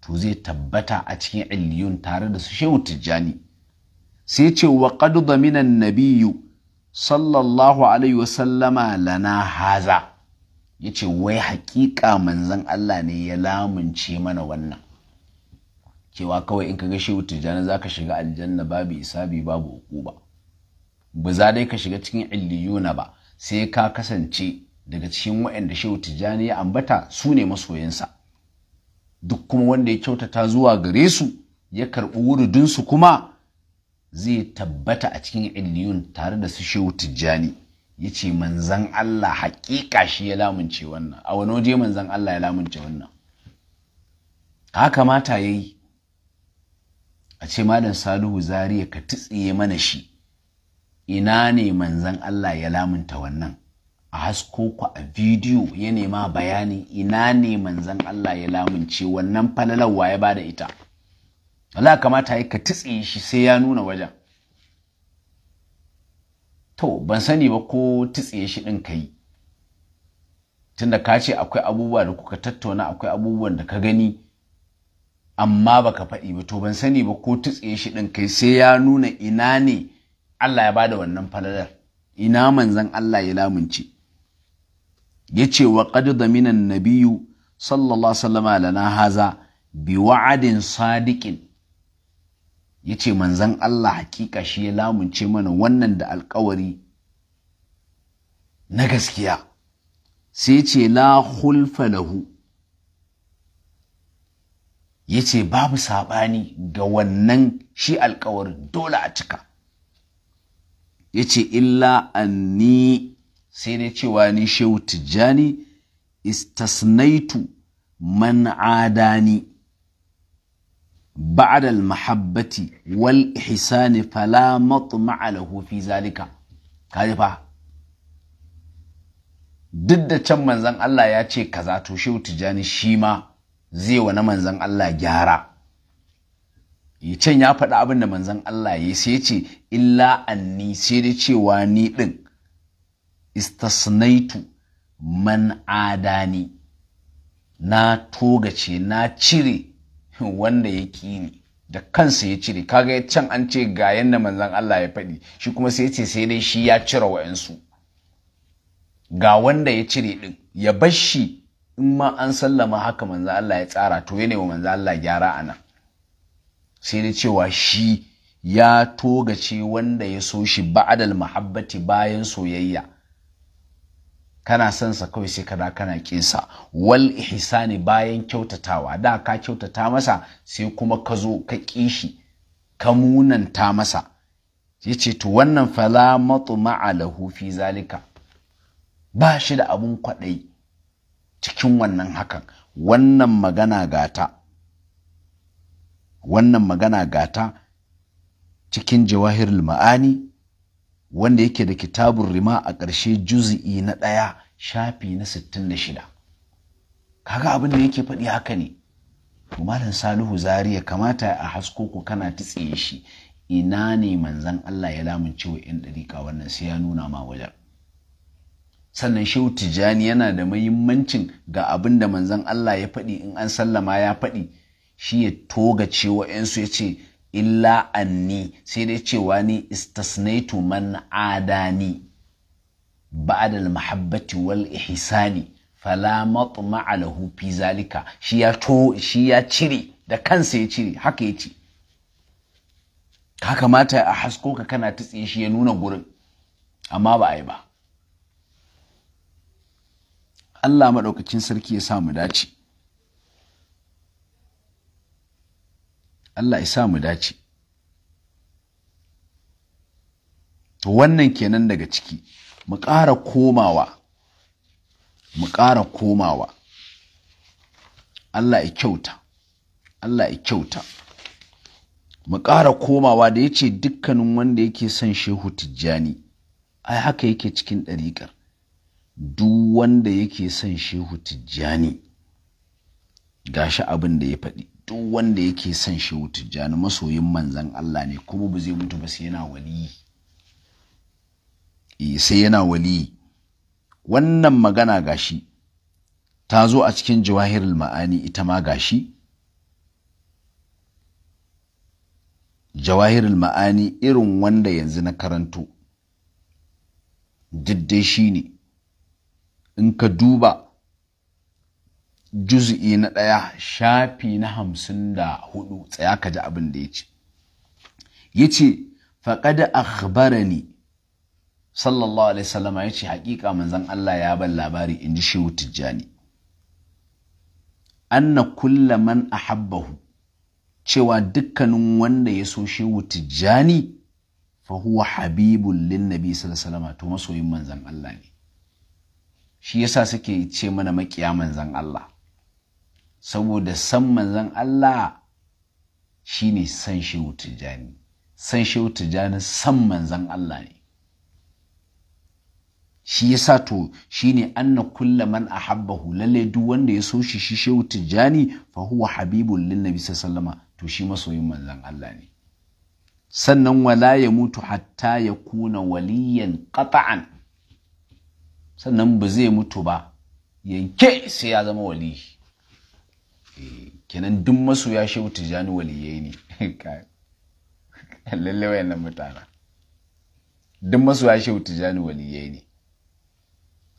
to zai tabbata a cikin illiyun tare da su shehu tijjani sai ce wa qad minan Nabiyu sallallahu alaihi wasallama lana haza Ya ce wai haƙiƙa manzan Allah ne ya lamunce mana wannan cewa kawai in ka ga shehu tijjani za ka shiga aljanna babu isabi babu uku ba Ba za dai ka shiga cikin illiyuna ba sai ka kasance daga cikin waɗanda shehu tijjani ya ambata su ne masoyinsa duk kuma wanda ya kyautata zuwa gare su ya karɓi wurudinsu kuma zai tabbata a cikin illiyun tare da su shehu tijjani ya ce manzan Allah haƙiƙa shi ya lamunce wannan a wani waje manzan Allah ya lamunce wannan haka mata ya yi a ce malam salihu zariya ka titsiye mana shi ina ne manzan Allah ya lamunta wannan a hasko ku a bidiyo ya nema bayani ina ne manzan Allah ya lamunce wannan falalawa ya bada ita Allah kamata ya ka titsiye shi sai ya nuna wajen to ban sani ba ko titsiye shi din ka tunda ka ce akwai abubuwa da kuka tattauna akwai abubuwan da ka gani amma baka faɗi ba to ban sani ba ko ya shi ɗin kai sai ya nuna ina ne Allah ya bada wannan falalar ina manzan Allah ya lamunce ya ce wa qad minan nabiyyu sallallahu sallama lana haza bi wa'adin sadiqin ya ce manzan Allah hakika shi ya lamunce mana wannan da alƙawari? na gaskiya sai ce la hulfa lahu ya ce babu saɓani ga wannan shi alkawarin dole a cika ya ce illa ni sai dai cewa ni shehu tijjani istasnaitu man adani Mahabbati: المحبة والإحسان فلا مطمع له في Zalika. kaji fa duk da can manzon Allah ya ce kaza to shehu tijani shi ma zai wa na manzan Allah gyara can ya faɗi abin da manzan Allah ya sai ce illa anni sai da cewa ni ɗin istasnaitu man adani na togace na cire wanda ya ni da kansa ya cire kaga can an ce ga yadda manzan Allah ya faɗi shi kuma sai ce sai dai shi ya cire wa'ansu ga wanda ya cire ɗin ya bashi. in ma an sallama haka manzo Allah ya tsara to ne wa manzo Allah gyara anan sai ne cewa shi ya togace wanda ya so shi ba'adal mahabbati bayan soyayya kana son sa kawai sai kada kana kinsa wal ihsani bayan kyautatawa da ka kyautata masa sai kuma ka zo ka kishi ka munanta masa Ya ce to wannan fala matma'a lahu fi zalika ba shi da abun kwadai cikin wannan hakan wannan magana gata wannan magana gata cikin jawahir ma'ani wanda yake da kitabun rima a ƙarshe juzi'i na ɗaya shafi na 66 kaga abin da yake faɗi haka ne malam salihu zariya kamata a hasko ku kana tsaye shi ina ne manzan allah ya lamunce cewa 'yan ɗariƙa wannan sai ya nuna ma wajen sannan shehu tijjani yana da mahimmancin ga abin da manzon Allah ya faɗi in an sallama ya faɗi shi ya toga cewa yansu ya ce illa anni sai dai cewa ni istasnaitu man adani ba'da al-mahabbati wal ihsani fala matma'a lahu fi zalika shi ya to shi ya cire da kansa ya cire haka ya ce ka kamata a hasko ka kana tsaye shi ya nuna gurin amma ba a yi ba Allah maɗaukakin sarki ya sa mu dace Allah ya sa mu dace to wannan kenan daga ciki mu ƙara komawa mu ƙara komawa Allah ya kyauta Allah ya kyauta mu ƙara komawa da ya ce dukkanin wanda yake son shehu tijjani ai haka yake cikin ɗariƙar duk wanda yake son shehu tijjani gashi abin da ya faɗi duk wanda yake son shehu tijjani masoyin manzan Allah ne kuma ba zai mutu ba sai yana wali eh, sai yana wali wannan magana gashi ta zo a cikin jawahirul ma'ani ita ma gashi jawahirul ma'ani irin wanda yanzu na karanto diddai shi ne in ka duba juz'i na ɗaya shafi na hamsin da hudu tsaya ka ji abin da ya ce ya ce "Faƙa da faƙad ne?" sallallahu alaihi sallama ya ce haƙiƙa manzan Allah ya ban labari in ji shehu tijjani anna kulla man ahabbahu cewa dukkanin wanda ya so shehu tijjani fa huwa habibul lin nabi sallallahu alaihi to masoyin manzan Allah ne shi yasa suke ce mana makiya manzan Allah saboda san manzan Allah shine san shehu tijjani san shehu tijjani san manzan Allah ne shi yasa to shine anna kulla man ahabbahu lalle duk wanda ya so shi shi shehu tijjani fa huwa habibul lin to shi masoyin manzan Allah ne sannan wala ya mutu hatta ya kuna waliyan qata'an sannan ba zai mutu ba yanke sai ya zama wali eh, kenan duk jani wali ya yi ne lalle nan mutane duk jani wali ya yi ne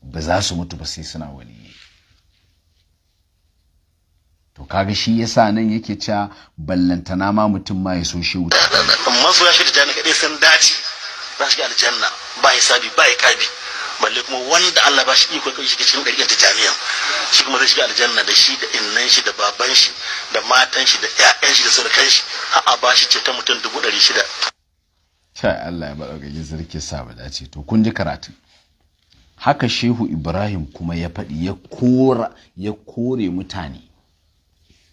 ba za su mutu ba sai suna wali to kaga shi ya sa nan yake cewa ballantana ma mutum ma ya so masu ya shi wuta jani kadai sun dace ba shi aljanna ba hisabi ba kabi. balle kuma wanda Allah ba shi iko kai shi cikin ta jami'a, shi kuma zai shiga aljanna da shi da innan shi da baban shi da matan shi da ƴaƴan shi da surukan shi a ba shi ce ta mutum dubu ɗari shida. sai Allah ya maɗaukakin sarki sa ba dace to kun ji karatu haka shehu ibrahim kuma ya faɗi ya kora ya kore mutane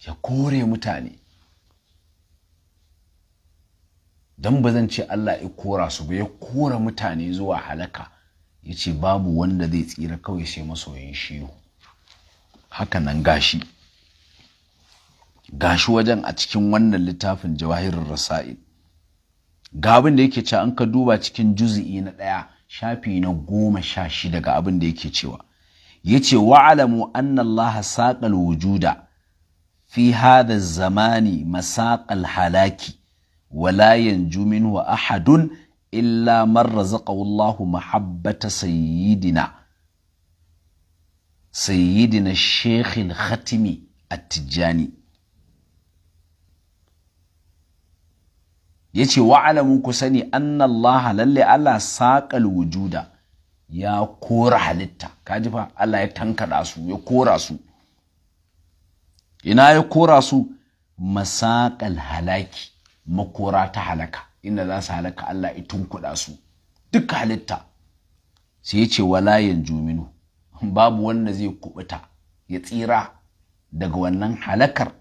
ya kore mutane don ba zan ce Allah ya kora su ba ya kora mutane zuwa halaka ya ce babu wanda zai tsira kawai sai masoyin shehu haka nan gashi gashi wajen a cikin wannan littafin jawahirin rasa'il ga abin da yake cewa an ka duba cikin juzi'i na ɗaya shafi na goma sha shida ga abin da yake cewa ya ce wa'alamu anna saƙal wujuda fi hada zamani masaƙal halaki wala yanju minhu ahadun illa man razaqahu Allahu mahabbata sayyidina sayyidina shekhin khatimi at-tijjani yace wa alamu ku sani anna Allah lalle Allah saqal wujuda ya kora halitta kaji fa Allah ya tankada su ya kora su ina ya kora su masaqal halaki makora ta halaka inda za su halaka Allah ya tunkuɗa su duk halitta sai ya ce wala yanzu minu babu wanda zai kubuta ya tsira daga wannan halakar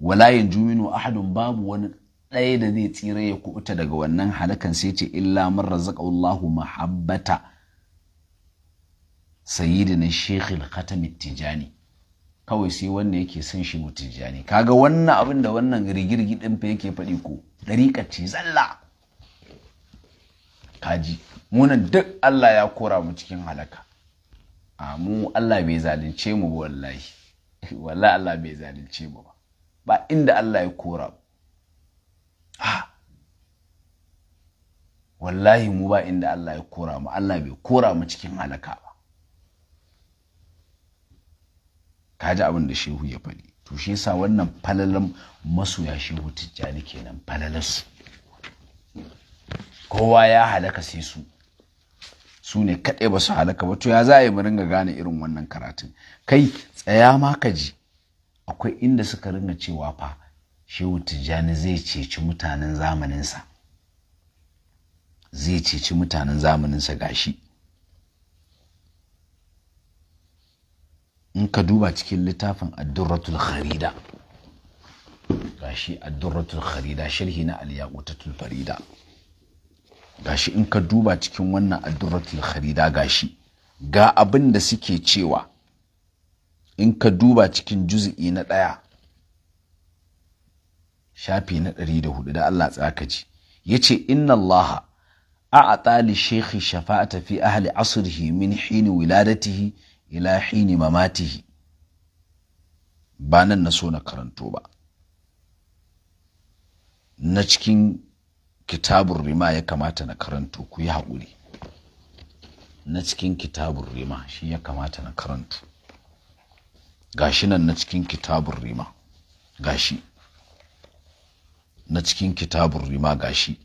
wala yanzu minu ahadun babu wani ɗaya da zai tsira ya kubuta daga wannan halakar. sai ce illa man Allahu mahabbata sayyidina shekhil khatam tijani kawai sai wanda yake son shi mutijani kaga wannan abin da wannan rigirgi din fa yake faɗi ko ɗariƙa ce zalla kaji munan duk Allah ya kora mu cikin halaka a mu Allah bai zalunce mu wallahi wallahi Allah bai zalunce mu ba ba inda Allah ya kora ha wallahi mu ba inda Allah ya kora mu Allah bai kora mu cikin halaka ba kaji abin da shehu ya faɗi to shi yasa wannan falalan masoya shehu tijjani kenan falalas kowa ya halaka sai su su ne kaɗai ba su halaka ba to ya za a yi mu ringa gane irin wannan karatun kai tsaya ma ka ji akwai inda suka ringa cewa fa shehu tijjani zai ceci mutanen zamaninsa zai ceci mutanen zamaninsa gashi in ka duba cikin littafin addurratul kharida gashi addurratul kharida sharhi na alyaqutatul farida gashi in ka duba cikin wannan addurratul kharida gashi ga abin da suke cewa in ka duba cikin juz'i na ɗaya shafi na ɗari da hudu da Allah tsakaci ya ce inna a'a a sheki shekhi shafa'ata fi ahli asirhi min hini wiladatihi ila hini mamatihi ba nan na so na karanto ba na cikin kitabun rima ya kamata na karanto ku yi haƙuri na cikin kitabun rima shi ya kamata na karanto gashi nan na cikin kitabun rima gashi na cikin kitabun rima gashi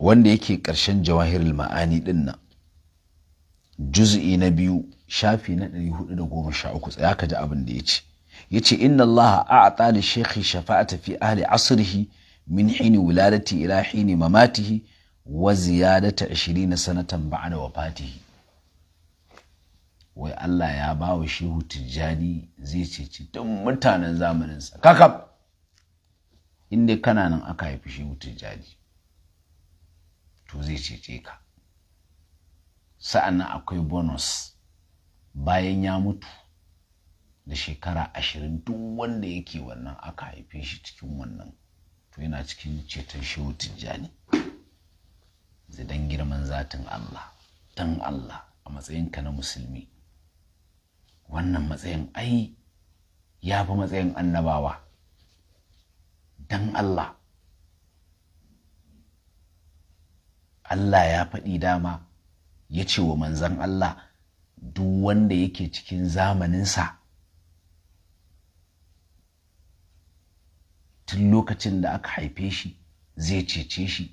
wanda yake ƙarshen jawahirul ma'ani ɗin nan juz'i na biyu shafi na ɗari da goma hudu sha uku tsaya ka ji abin da ya ce ya ce inna Allah a'ata li shekhi shafa'ata fi ahli asrihi min hini wuladati ila hini mamatihi wa ziyadata na sanatan ba'da wafatihi wai Allah ya ba wa shehu tijjani zai ceci duk mutanen zamaninsa kakab inda kana nan aka haifi shehu tijjani to zai ce ka sa'annan akwai bonus bayan ya mutu da shekara ashirin duk wanda yake wannan aka haife shi cikin wannan to yana cikin ceton shehu tijjani zidan girman zatin Allah dan Allah a matsayinka na musulmi wannan matsayin ai ya fi matsayin annabawa dan Allah Allah ya faɗi dama ya ce wa manzan Allah duk wanda yake cikin zamaninsa tun lokacin da aka haife shi zai cece shi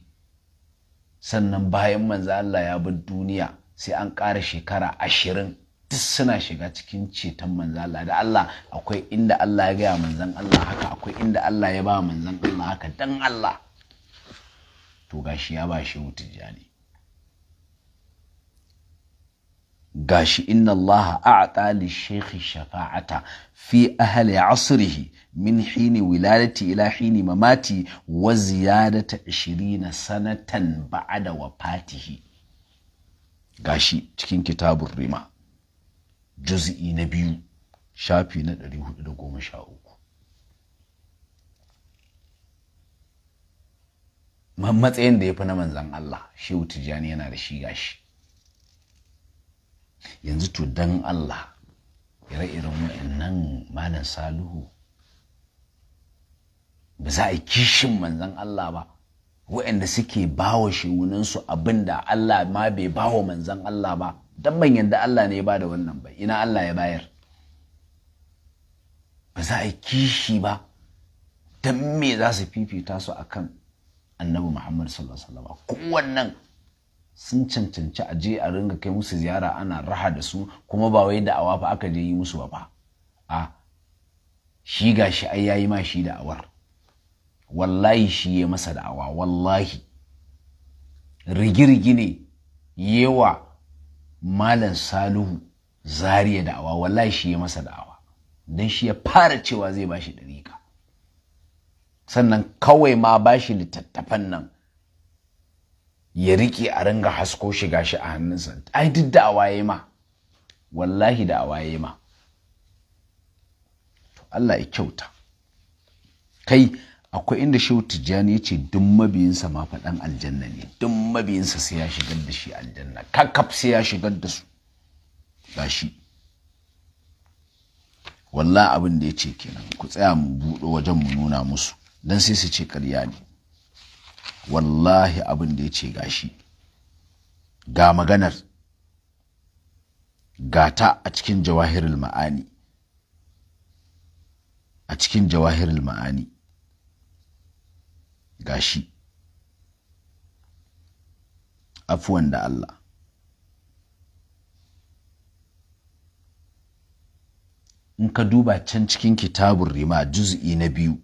sannan bayan manzan Allah ya bar duniya sai an ƙara shekara ashirin duk suna shiga cikin ceton manzan Allah da Allah akwai inda Allah ya gaya manzan Allah haka akwai inda Allah ya ba manzan Allah haka dan Allah to gashi ya ba shi wutar jani gashi inna Allah a'ta li shekhi shafa'ata fi ahli asrihi min hini wiladati ila hini mamati wa ziyadata 20 sanatan ba'da wafatihi gashi cikin kitabun rima juz'i na biyu shafi na 413 matsayin da ya fi na manzan Allah shi tijjani yana da shi gashi yanzu to dan Allah ire irin wa'annan malam saluhu ba za a yi kishin manzan Allah ba wa'anda suke bawa shegunansu abin da Allah ma bai bawa manzan Allah ba dan ban yadda Allah ne ya ba da wannan ba ina Allah ya bayar ba za a yi kishi ba dan me za su fifita su akan annabi Muhammad sallallahu alaihi wasallam kowannan sun cancanci a je a ringa kai musu ziyara ana raha da su kuma ba wai da awa fa aka je yi musu ba fa a shi ga shi ai yayi ma shi awar wallahi shi ya masa da'awa wallahi rigirgi ne yewa malam saluhu zariya awa wallahi shi ya masa awa don shi ya fara cewa zai bashi dariƙa sannan kawai ma bashi littattafan nan ya riƙe a ringa hasko shi gashi a hannunsa ai duk da awaye ma wallahi da awaye ma to Allah ya kyauta kai akwai inda shehu tijjani ya ce duk mabiyinsa ma faɗan aljanna ne duk mabiyinsa sai ya shigar da shi aljanna kakaf sai ya shigar da su gashi wallahi abin da ya ce kenan ku tsaya mu buɗo wajen mu nuna musu dan sai su ce ƙarya ne wallahi abin da ya ce gashi ga maganar gata a cikin jawahirul ma'ani a cikin jawahirul ma'ani gashi afuwan da Allah in ka duba can cikin kitabun rima juz'i na biyu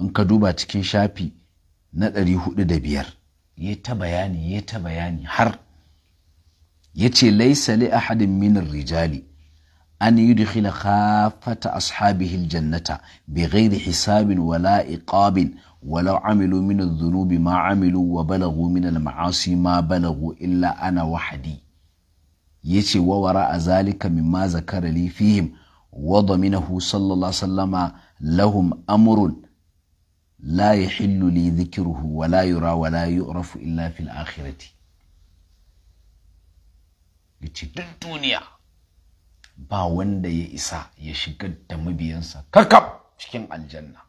in ka duba cikin shafi na ɗari hudu da biyar ya ta bayani ya ta bayani har ya ce laisa li ahadin minar rijali an yi da khila khafata ashabihil jannata bi ghairi hisabin wala iqabin walau amilu min adh-dhunubi ma amilu wa balagu min al-ma'asi ma balagu illa ana wahdi yace wa wara azalika mimma zakara li fihim wa dhaminahu sallallahu alaihi wasallama lahum amrun la yahillu li dhikruhu wa la yura wa la yu'rafu illa fil akhirati duk duniya ba wanda ya isa ya shigar da mabiyansa kakab cikin aljanna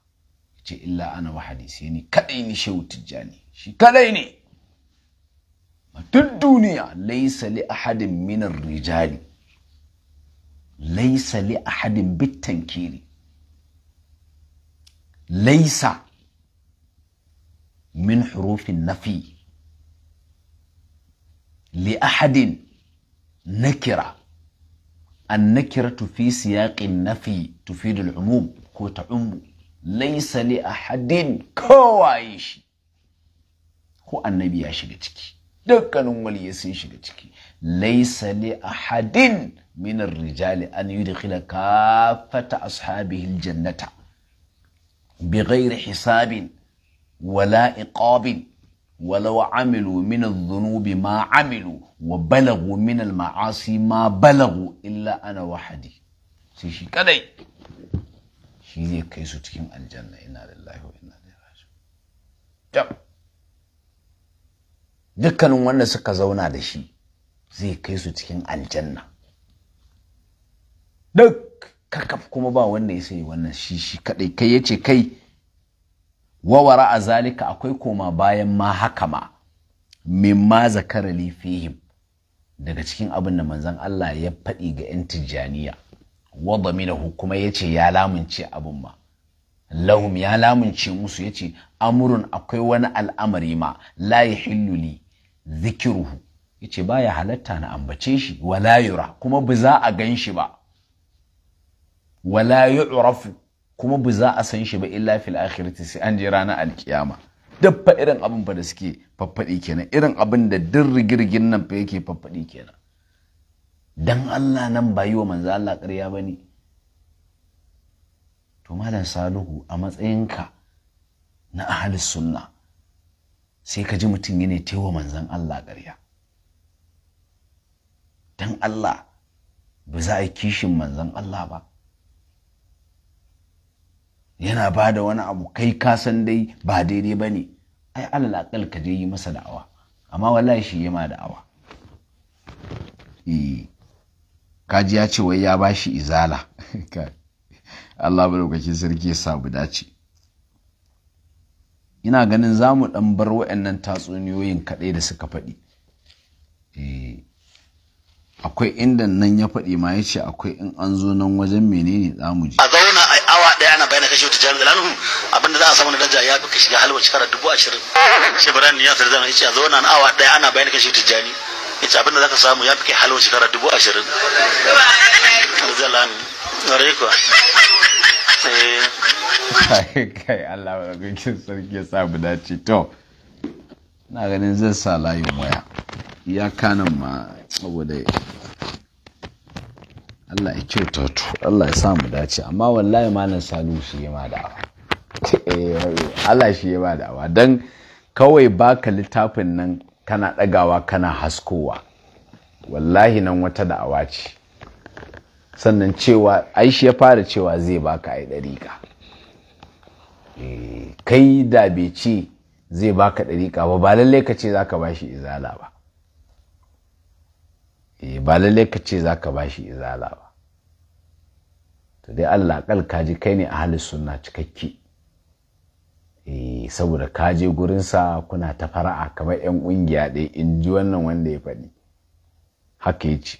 yace illa ana wahadi sai ni kadai ni shehu tijjani shi kadai ne duk duniya laisa li ahadin minar rijali laisa li ahadin bittankiri laisa من حروف النفي لأحد نكرة النكرة في سياق النفي تفيد العموم هو تعم ليس لأحد كوايش هو النبي يشغلتك دكا نوال يسين شغلتك ليس لأحد من الرجال أن يدخل كافة أصحابه الجنة بغير حساب ولا إقاب ولو عملوا من الذنوب ما عملوا وبلغوا من المعاصي ما بلغوا إلا أنا وحدي سيشي كدي شيني كيسو تكيم الجنة إنا لله وإنا لله راجعون جم دكان وانا سكا زونا دشي زي كيسو تكيم الجنة دك كاكف كومبا وانا يسي وانا شيشي كدي كي يتي كي, كي wawara a zalika akwai koma bayan ma haka ma mimma zakara li fihim daga cikin abin da manzon Allah ya faɗi ga 'yan tijjaniya wadda minahu kuma ya ce ya lamunce abin ma lahum ya lamunce musu ya ce amurin akwai wani al'amari ma layi ya hilluli zikiruhu ya ce ba ya halatta na ambace shi wala yura kuma ba za a gan shi ba wala yu'rafu kuma ba za a san shi ba illa fil akhirati sai an je ranar alkiyama duk fa irin abin fa da suke faffaɗi kenan irin abin da duk rigirgin nan fa yake faffaɗi kenan dan Allah nan ba yi wa manzo Allah ƙarya ba ne to malam Salihu a matsayinka na ahli sunna sai ka ji mutum yana taiwa manzan Allah ƙarya dan Allah ba za a yi kishin manzan Allah ba yana ba da wani abu kai kasan dai ba daidai ba ne ai alal ka je yi masa da'awa amma wallahi shi yi ma da'awa eh, kaji ya ce wai ya ba shi izala Allah malaukakin sarki ya sabu dace ina ganin za mu ɗan bar waɗannan tatsuniyoyin kaɗai da suka faɗi eh, akwai inda nan ya faɗi ma ya ce akwai in an zo nan wajen menene za mu je a zauna da lanuhu abinda za a samu na daraja ya fi shiga halwar shekara dubu ashirin shi birane ya sarda ya ce a zauna na awa daya ana bayan kashi tijjani ya ce abinda za ka samu ya fi kai halwar shekara dubu ashirin eh. kai Allah wa ɗaukakin sarki ya sa mu dace to na ganin zai sa layin waya ya kanan ma saboda Allah ya kyauta to Allah ya sa dace amma wallahi malam Salu shi ya ma da'awa eh, Allah shi ya ma da'awa dan kawai baka littafin nan kana dagawa kana haskowa wallahi nan wata da'awa ce sannan cewa ai shi ya fara cewa zai baka ai dariƙa. Eh, kai da bai ce zai baka dariƙa ba ba lallai ka ce za bashi izala ba eh, ba lallai ka ce zaka bashi izala ba to dai Allah kal kaji kai ne ahli sunna cikakki eh saboda kaje gurinsa kuna ta fara'a kamar yan kungiya ɗaya in ji wannan wanda ya faɗi haka yace ce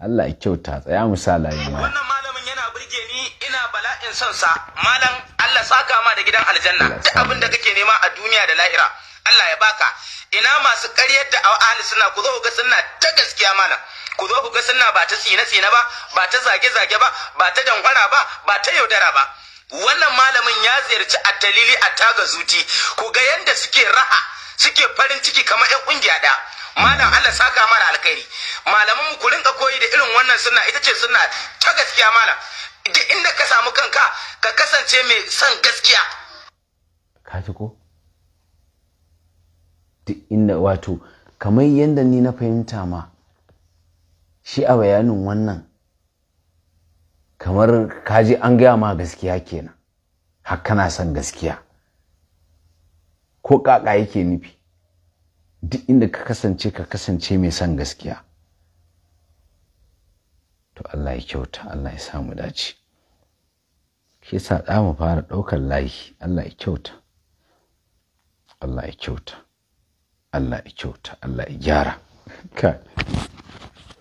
Allah ya kyauta tsaya misala ne wannan malamin yana burge ni ina bala'in son sa malam Allah saka ma da gidan aljanna duk abin da kake nema a duniya da lahira Allah ya baka ina masu ƙaryar da ahli suna ku zo ku ga sunna ta gaskiya malam ku zo ku ga sunna ba ta tsine tsine ba ba ta zage zage ba ba ta dankwara ba ba ta yaudara ba wannan malamin ya ziyarci dalili talili a taga zuti ku ga yanda suke raha suke farin ciki kamar yan kungiya ɗaya malam Allah saka mana alkhairi malaman mu ku rinka koyi da irin wannan sunna ita ce sunna ta gaskiya malam duk inda ka samu kanka ka kasance mai son gaskiya ka ji ko duk inda wato kamar yadda ni na fahimta ma shi a bayanin wannan kamar kaji an gaya ma gaskiya kenan haka na son gaskiya ko kaka yake nufi duk inda ka kasance ka kasance mai son gaskiya to Allah ya kyauta Allah ya samu dace shi yasa mu fara ɗaukar layi Allah ya kyauta Allah ya kyauta Allah ya kyauta Allah ya gyara ka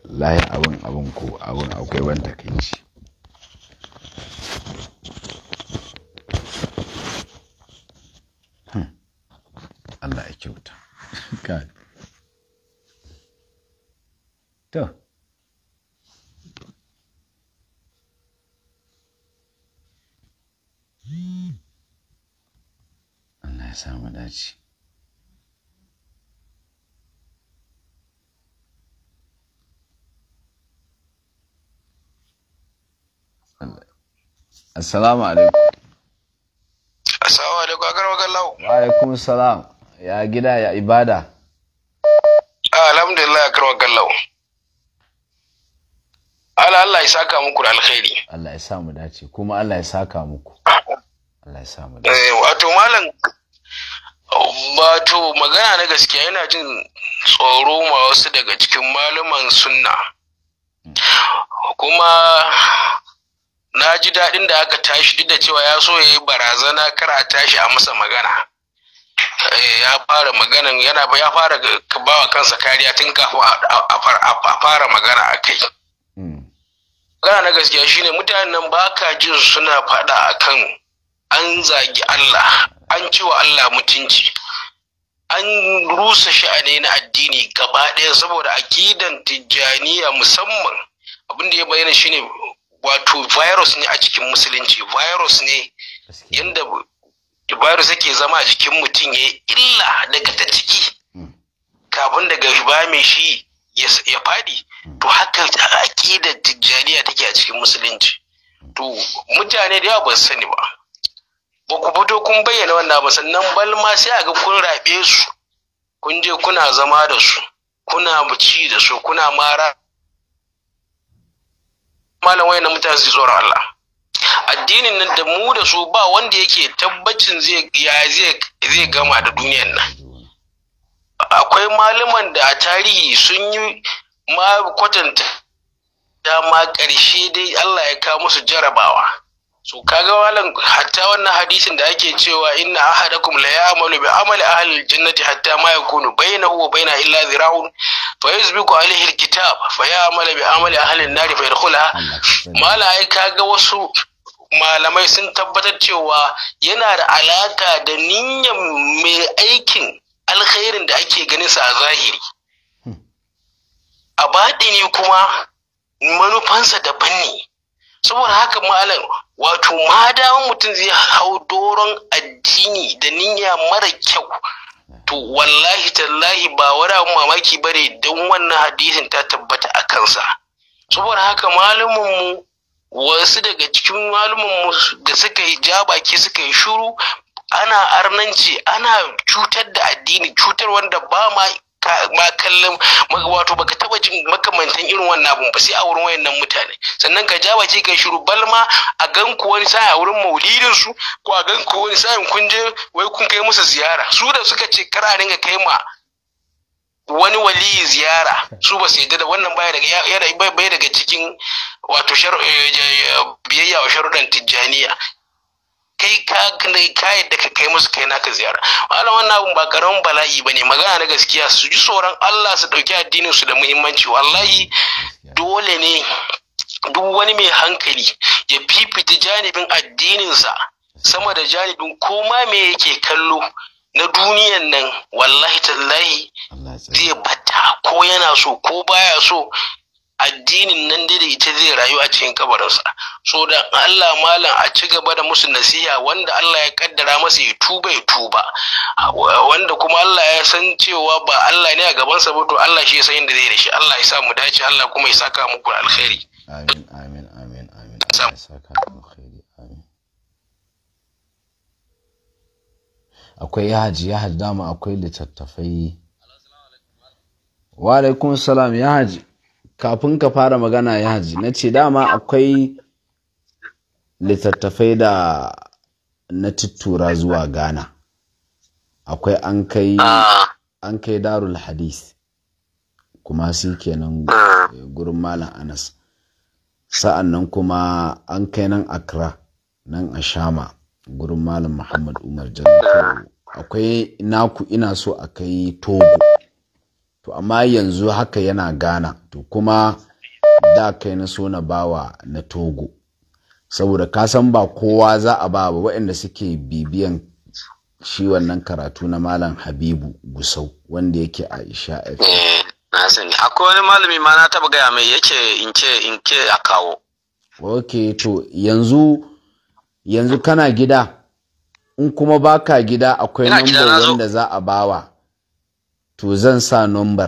laye abin abin ko abin akwai wanda kai shi? Hmm, Allah ya kyauta ka to Allah ya samu dace Assalamu alaikum. Assalamu alaikum, agar wakar lau. Wa alaikum salam. Ya gida ya ibada. Ah, alhamdulillah, agar wakar lau. Ala Allah ya saka muku da alkhairi. Allah ya samu dace, kuma Allah ya saka muku. Allah ya sa dace. Eh, Wato malam wato magana na gaskiya yana jin tsoro ma wasu daga cikin malaman sunna hmm. kuma na ji daɗin da aka tashi duk da cewa ya so ya yi barazana kar a tashi a masa magana eh, ya fara maganan yana ya fara bawa kansa kariya tun kafin a fara magana a kai hmm. magana na gaskiya shine mutanen nan ba ka jin suna faɗa akan an zagi Allah an ci wa Allah mutunci an rusa shi sha'ani na addini gaba ɗaya saboda akidan tijjaniya musamman abin da ya bayyana shine wato virus ne a cikin musulunci virus ne Yadda virus yake zama a jikin mutum ya illa daga ta ciki hmm. kafin daga ba mai shi ya faɗi hmm. to haka da tijjaniya take a cikin musulunci to mutane da yawa ba su sani ba ba ku fito kun bayyana wannan ba sannan balma sai a ga kun raɓe su kun je kuna zama da su kuna ci da su kuna mara malam wayan mutane su tsoron Allah addinin nan da mu da su ba wanda yake tabbacin zai zai gama da duniyar nan akwai malaman da a tarihi sun yi ma kwatanta dama ƙarshe dai Allah ya ka musu jarabawa so kaga walan hatta wannan hadisin da ake cewa inna ahadakum la ya'malu bi amali ahli jannati hatta ma yakunu bainahu wa baina illa zira'un fa yusbiqu alayhi alkitab fa ya'malu bi amali ahli an-nar fa yadkhulaha malai kaga wasu malamai sun tabbatar cewa yana da alaka da niyyar mai aikin alkhairin da ake ganin sa a zahiri hmm. a baɗini kuma manufansa daban ne saboda haka malam wato ma daman mutum zai hau doron addini da niyya mara kyau to wallahi tallahi ba wani abu mamaki bane don wannan hadisin ta tabbata a kansa saboda haka malumin wasu daga cikin malumin da suka yi ja baki suka yi shuru ana arnanci ana cutar da addini cutar wanda ba ma ma kallon wato baka taba jin makamantan irin wannan abun ba sai a wurin wayannan mutane sannan ka ja baki kai shiru balma a gan ku wani sa'i a wurin maulidin su ko a gan ku wani sa'i kun je wai kun kai musu ziyara su da suka ce kar a dinga kai ma wani wali ziyara su ba su yadda da wannan baya daga yana bai daga cikin wato eh, eh, biyayya wa sharuɗan tijjaniya kai ka ka yadda ka kai musu kai naka ziyara wala wannan abun ba karamin bala'i bane magana na gaskiya su ji tsoron Allah su dauki addinin su da muhimmanci wallahi dole ne duk wani mai hankali ya fifita janibin addininsa sama da janibin koma me yake kallo na duniyan nan wallahi tallahi zai bata ko yana so ko baya so addinin nan dai da ita zai rayu a cikin kabarinsa so da Allah malam a ci gaba da musu nasiha wanda Allah ya kaddara masa ya tuba ya tuba wanda kuma Allah ya san cewa ba Allah ne a gabansa ba to Allah shi ya san inda zai da shi Allah ya sa mu dace Allah kuma ya saka muku alkhairi amin amin amin amin ya saka alkhairi amin akwai yahaji yahaji dama akwai littattafai wa alaikum salam yahaji kafin ka fara magana ya haji na ce dama akwai littattafai da na tuttura zuwa ghana akwai an kai ah. an kai darul hadis kuma su kenan ah. gurin malam anas sa'an nan kuma an kai nan accra nan a shama gurin malam muhammad umar jannatu akwai naku ina so a kai togo to amma yanzu haka yana gana to kuma da kai na so na bawa na Togo saboda ka san ba kowa za a ba ba waɗanda suke bibiyan shi wannan karatu na malam Habibu Gusau wanda yake a Isha eh, na sani akwai wani malami ma na taba gaya mai yake in ke a kawo ok to yanzu yanzu kana gida in kuma baka gida akwai number wanda za a bawa to zan sa number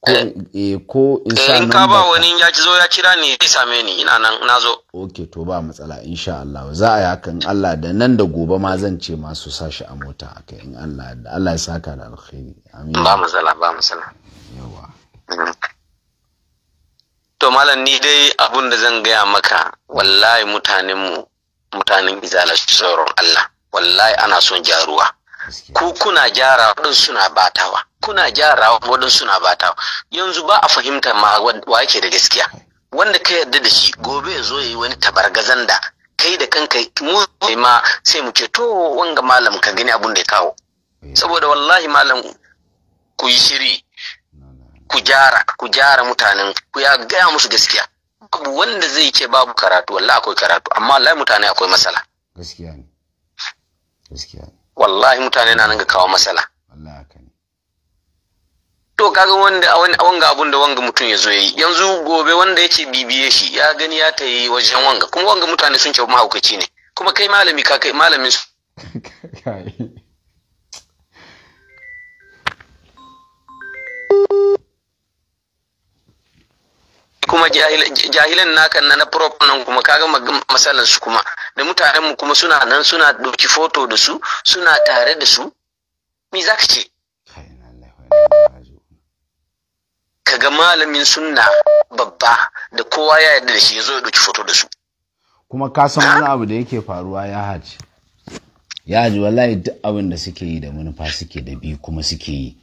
ko eh. e, in sa eh, in ka ba wani ya zo ya kira ni ya same ni ina nan na zo ok to ba matsala insha Allah za a yi hakan Allah da nan da gobe ma zan ce ma su sashi a mota akai in Allah da Allah ya saka da alkhairi amin ba matsala ba matsala yawa mm. to malam ni dai abun da zan gaya maka wallahi mutanen mu mutanen izala tsoron Allah wallahi ana son jaruwa ku kuna gyara waɗansu suna batawa kuna gyara waɗansu suna batawa yanzu ba a fahimtar ma wa yake da gaskiya wanda ka yarda da shi gobe ya zo ya yi wani tabargazan da kai da kanka mu ma sai mu ce to wanga malam ka gani abun da ya kawo eh. saboda wallahi malam ku yi shiri ku gyara ku gyara mutanen ku ya gaya musu gaskiya abu wanda zai ce babu karatu wallahi akwai karatu amma wallahi mutane akwai matsala gaskiya ne gaskiya ne wallahi mutane na nan ga kawo matsala to kaga wanda a wanga abun da wanga mutum ya zo yi yanzu gobe wanda yake bibiye shi ya gani ya ta yi wajen wanga kuma wanga mutane sun ce mahaukaci ne kuma kai malami ka kai malamin su kuma jahilan naka na na prop nan kuma kaga masalan su kuma da mutanen mu kuma suna nan suna doki foto da su suna tare da su me ka ce kaga malamin sunna babba da kowa ya yarda da shi ya zo ya doki foto da su kuma ka san wani abu da yake faruwa ya haji ya haji wallahi duk abin da suke yi da manufa suke da bi kuma suke yi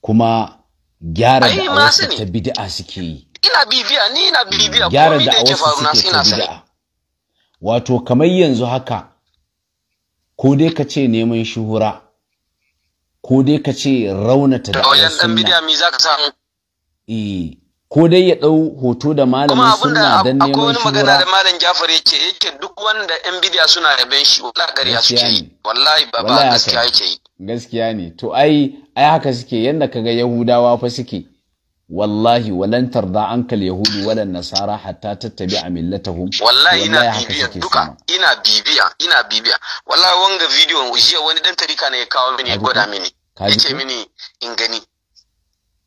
kuma gyara da ta bid'a suke yi ina bibiya ni ina bibiya gyara da awasu suke ta bid'a wato kamar yanzu haka ko dai ka ce neman shuhura ko dai ka ce raunata da wajen dan bidiya mi zaka samu eh ko dai ya dau hoto da malamin sunna dan neman shuhura Kuma wani magana da malam Jafar yake yake duk wanda yan bidiya suna yaben shi wallahi ƙarya suke yi wallahi baba gaskiya yake yi. Gaskiya ne to ai ai haka suke yanda kaga Yahudawa fa suke wallahi walan tarda ankal yahudu walan nasara hatta tattabi'a millatahum wallahi ina bibiya duka ina bibiya ina bibiya wallahi wanga video jiya wani dan tarika ne ya kawo mini ya gwada mini yace mini in gani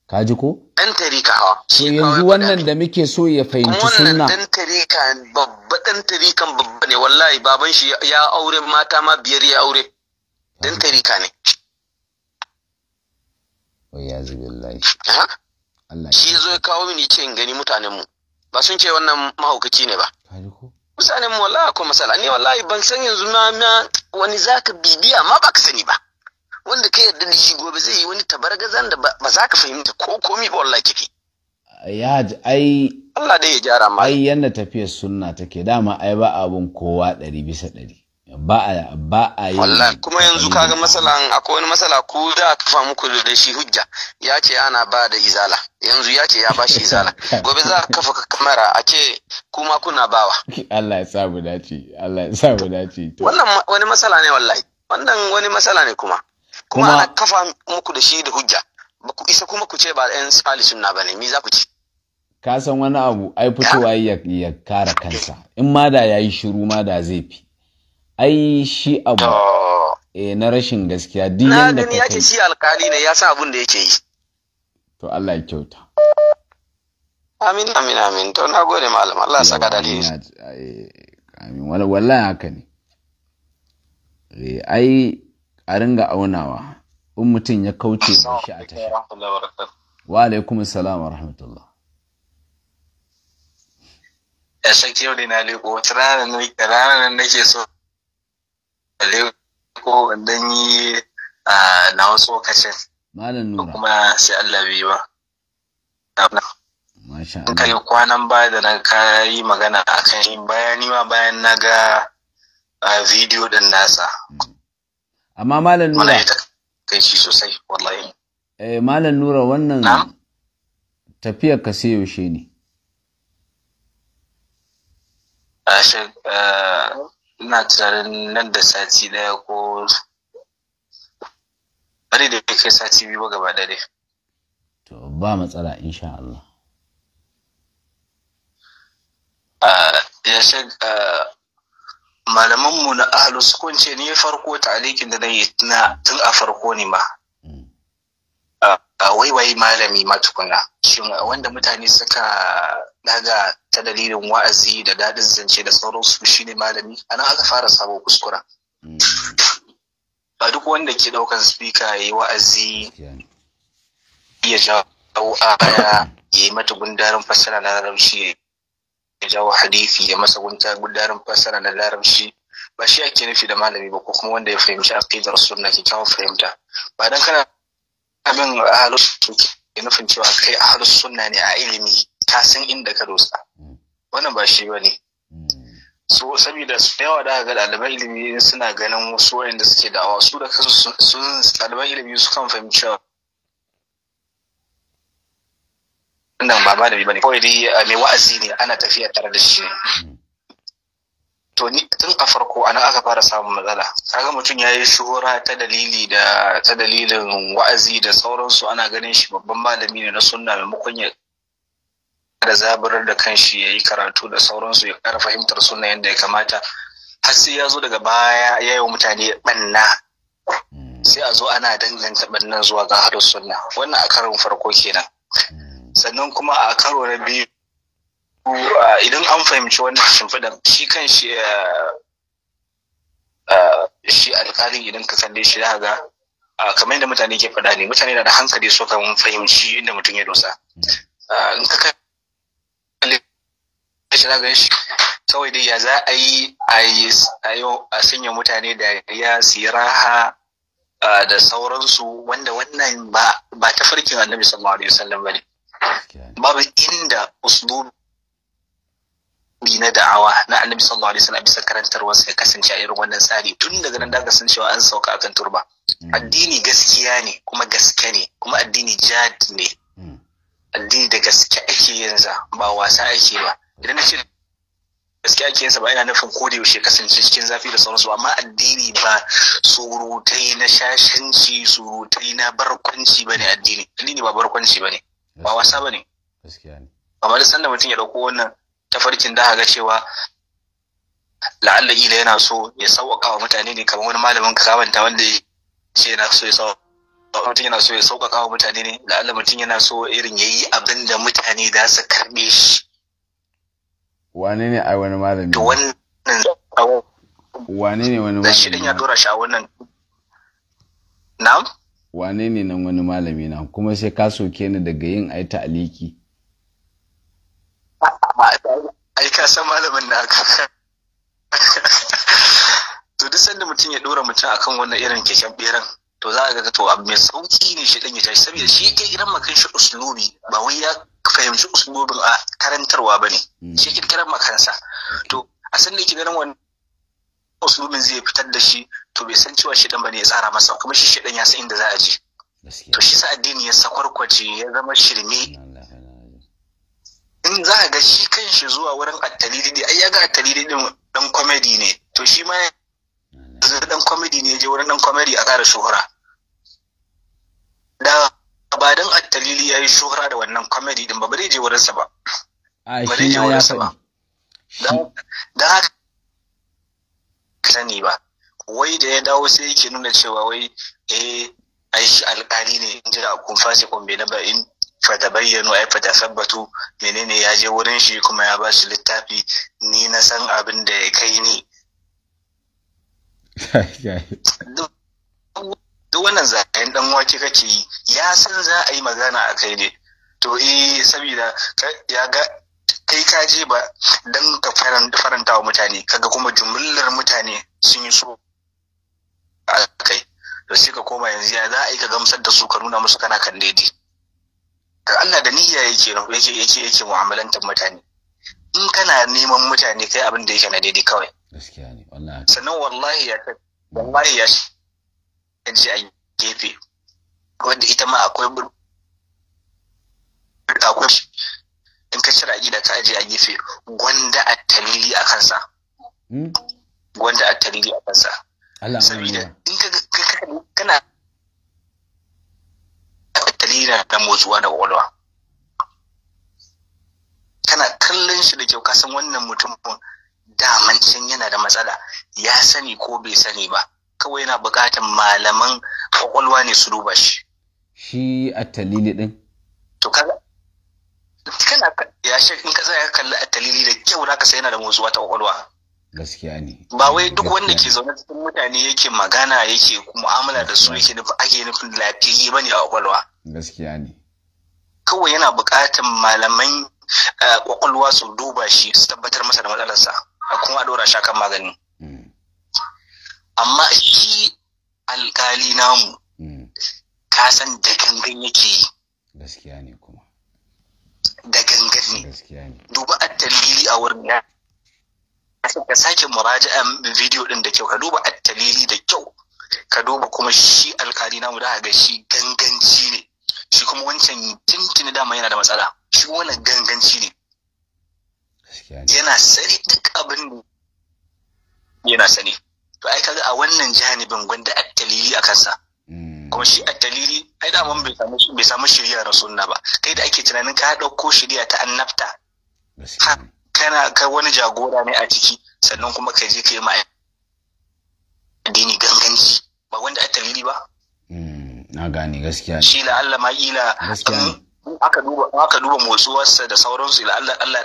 kaji ko dan tarika hawa to yanzu wannan da muke so ya fahimci sunna wannan dan tarika babba dan tarikan babba ne wallahi baban shi ya aure mata ma biyar ya aure dan tarika ne wa yazi billahi shi ya zo ya kawo mini ce in gani mutanen mu ba sun ce wannan mahaukaci ne ba mutanen mu wallahi ko matsala ni wallahi ban san yanzu na wani zaka bibiya ma baka sani ba wanda ka yarda da shi gobe zai yi wani tabargazan da ba za ka fahimta ko komi ba wallahi kike ya ai Allah dai ya gyara ma ai yanda tafiyar sunna take dama ai ba abun kowa ɗari bisa ɗari ba a ba a yi wallahi kuma yanzu kaga masalan akwai wani masala ko da kafa muku da shi hujja ya ce ana ba da izala yanzu ya ce ya ba shi izala gobe za a kafa kamera a ce kuma kuna bawa Allah ya sa mu dace Allah ya sa mu dace wannan wani masala ne wallahi wannan wani masala ne kuma kuma ana kafa muku da shi da hujja ba ku isa kuma ku ce ba ɗan tsali sunna ba ne mi za ku ci ka san wani abu ai fitowa ya kara kansa in ma da yayi shiru ma da zai fi ai shi abu E, na rashin gaskiya N'a yanda ya ce shi alkali ne ya sa abin da yake yi to Allah ya kyauta amin amin amin to na gode malam Allah saka dalili amin wallahi haka ne eh ai a ringa aunawa in mutum ya kauce shi a tashi wa alaikum assalam wa rahmatullah ya yau da na liko wata ranar nake so ko in dan yi na wasu lokacin malam nura kuma sai Allah bai ba Masha Allah. Kai kwanan ba da na kayi magana akan yin bayani ma bayan na ga bidiyo din nasa. Hmm. Amma malam nura. kai shi sosai wallahi. Eh malam nura wannan tafiyar ka sai yaushe ne? ina tunanin nan da sati daya ko bari da kai sati biyu ba gaba dare to ba matsala insha Allah ya shag malamanmu na ahalu sukun ce ni farko talikin da na yi tun a farko ne ma hmm. waiwaye malami ma tukuna shin wanda mutane suka daga ta dalilin wa'azi da daɗin zance da sauransu shi ne malami a nan aka fara sabo kuskura ba duk wanda ke ɗaukan spika ya yi wa'azi ya jawo a baya ya yi mata gundarin fassara na larabci ya jawo hadithi ya masa gundarin fassara na larabci ba shi ake nufi da malami ba ko kuma wanda ya fahimci aqidar sunna kyawun fahimta ba dan kana abin halittu ke nufin cewa kai a halittu sunna ne a ilimi ka san inda ka dosa mm. wannan ba shi bane mm. so saboda su yawa da ga ɗaliban ilimi suna ganin wasu wayanda suke da'awa su da kansu sun ɗaliban ilimi su kan fahimci cewa nan ba malami bane kawai dai eh, mai wa'azi ne ana tafiya tare da shi mm. to ni tun a farko nan aka fara samun matsala kaga mutum ya yi shuhura ta dalili da ta dalilin wa'azi da sauransu ana ganin shi babban malami ne na sunna maimakon ya da zaburar da kanshi ya yi karatu da sauransu ya ƙara fahimtar suna yadda ya kamata har sai ya zo daga baya ya yi wa mutane ɓanna sai a zo ana danganta ɓannan zuwa ga harin suna wannan a karon farko kenan sannan kuma a karo na biyu idan an fahimci wannan shimfiɗan shi kan shi shi alƙalin idan ka kalle shi za ga kamar yadda mutane ke faɗa ne mutane na da hankali so kan fahimci inda mutum ya dosa in ka shi na gan shi sau dai ya za a yi a sanya mutane da ya yi raha da sauransu wanda wannan ba ta farkin annabi sallallahu alaihi wasallam ba ne babu inda uslubi na da'awa na annabi sallallahu alaihi wasallam bisa karantarwa ya kasance a irin wannan tsari tun daga nan daga san cewa an sauka akan turba hmm. addini gaskiya ne kuma gaske ne kuma addini jad ne hmm. addini da gaske ake yin ba wasa ake ba idan na ce gaskiya ake yinsa ba yana nufin ko da yaushe kasance cikin zafi da sauransu amma addini ba surutai na shashanci surutai na barkwanci bane addini addini ba barkwanci bane ba wasa bane ne amma da sanda mutum ya dauko wannan tafarkin da ga cewa la'alla ila yana so ya sauƙaƙa wa mutane ne kamar wani malamin ka kamanta wanda ya ce yana so ya sauƙaƙa mutum yana so ya sauƙaƙa wa mutane ne la'alla mutum yana so irin ya yi abin da mutane za su karɓe shi wane ne a wani malami wannan wane ne wani malami shi din ya dora sha wannan na'am wane ne nan wani malami na kuma sai ka soke ni daga yin ai ta'aliki ai ka san malamin na ka to duk sanda mutum ya dora mutum akan wannan irin keken beran to za a ga to abu mai sauki ne shi ɗin ya tashi saboda shi kai gidan makan shi usulubi ba wai ya fahimci usulobin a karantarwa ba ne hmm. shi kirkirar makansa to a san da ganin wani usulobin zai fitar da shi to bai san cewa shidan ba ne ya tsara masa kuma shi shidan ya san inda za a je to shi sa addini ya sakwarkwace ya zama shirme in za a ga shi kan shi zuwa wurin attalidi ai ya ga attalidi din dan komedi ne to shi ma dan komedi ne ya je wurin dan komedi a ƙara shuhura da abadan don attalili ya yi shuhura da wannan comedy din ba ba zai je wurinsa ba ba zai je wurinsa ba don haka sani ba wai da ya dawo sai yake nuna cewa wai eh shi Alƙali ne in ji da kun fasi na ba in fata bayyano ai fata sabbatu menene ya je wurin shi kuma ya ba shi littafi ni na san abin da ya kai ni duk wannan zayen dan wake kake yi ya san za a yi magana a kai ne to eh saboda ya ga kai ka je ba dan ka faranta wa mutane kaga kuma jumlar mutane sun yi so a kai to sai ka koma yanzu ya za a yi ka gamsar da su ka nuna musu kana kan daidai Allah da niyya yake yake yake yake mu'amalantar mutane in kana neman mutane kai abin da yake na daidai kawai gaskiya ne wallahi sannan wallahi ya wallahi ya je a gefe wanda ita ma akwai akwai in ka cire aƙida ka ajiye a gefe gwanda a talili a kansa hmm? gwanda a talili a kansa saboda in ka kana dalilin na motsuwa da ƙwaƙwalwa kana kallon shi da kyau ka san wannan mutumin daman yana da matsala ya sani ko bai sani ba kawai yana buƙatar malaman kwakwalwa ne su duba shi shi a talili ɗin. to kaga kana ya shi in ka zai kalli a talili da kyau zaka sai yana da motsuwa ta kwakwalwa gaskiya ne ba wai duk wanda ke zaune cikin mutane yake magana yake mu'amala da su yake nufin ake nufin lafiyayye ne a kwakwalwa gaskiya ne kawai yana buƙatar malaman kwakwalwa eh, su duba shi su tabbatar masa da matsalarsa kuma a ɗora shi kan magani amma shi alkali namu hmm. ka san da gangan yake yi gaskiya ne kuma da gangan ne gaskiya ne duba a dalili a wurin ya ka sake a bidiyo din da kyau ka duba a dalili da kyau ka duba kuma shi alkali namu da ga shi ganganci ne shi kuma wancan tuntuni dama yana da matsala shi wani ganganci ne yana sani duk abin yana sani to ai kaga a wannan janibin gwanda a dalili a kansa hmm. kuma shi a dalili ai da mun bai samu shirya na sunna ba kai da ake tunanin ka ɗauko shirya ta annabta kana ka wani jagora ne a ciki sannan kuma ka je ka yi addini ganganci ba wanda a dalili ba hmm, na gane gaskiya shi la Allah ma ila aka duba aka duba motsuwarsa da sauransu la Allah Allah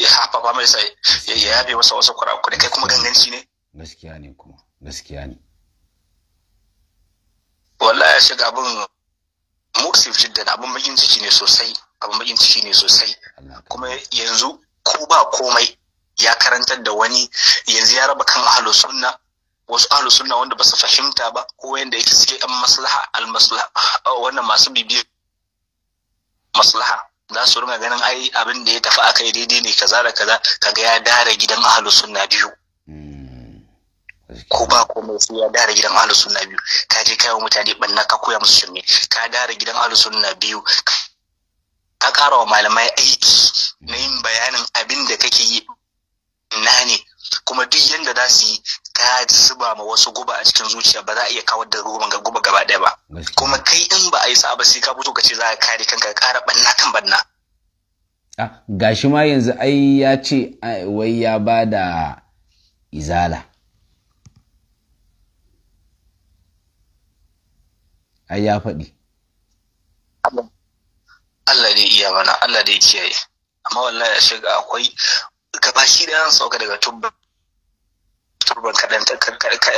ya hafafa mai sai ya yabe masa wasu kurakurai kai kuma ganganci ne gaskiya ne kuma gaskiya ne wallahi shiga abin muksif jiddan abin bakin ciki ne sosai abin bakin ciki ne sosai kuma yanzu ko ba komai ya karantar da wani yanzu ya raba kan ahalo sunna wasu ahalo sunna wanda ba su fahimta ba ko wanda yake suke yan maslaha al maslaha oh, wannan masu bibiyar maslaha za su ringa ganin ai abin da ya tafi akai daidai ne kaza da kaza kaga ya dare gidan ahalo sunna biyu ko ba komai sai ya dara gidan ahlus sunna biyu ka je kai mutane banna ka koya musu shirme ka dara gidan ahlus sunna biyu ka kara wa malamai aiki na yin bayanin abin da kake yi na ne kuma duk yanda za su yi ka zuba ma wasu guba a cikin zuciya ba za a iya kawar da ruwan ga guba gaba ɗaya ba kuma kai in ba a yi sa'a ba sai ka fito ka ce za ka kare kanka ka kara banna kan banna ah, gashi ma yanzu ai ya ce wai ya ba da izala ai ya faɗi Allah dai iya mana Allah dai kiyaye amma wallahi ya shiga akwai gaba shi da yan sauka daga tubba turban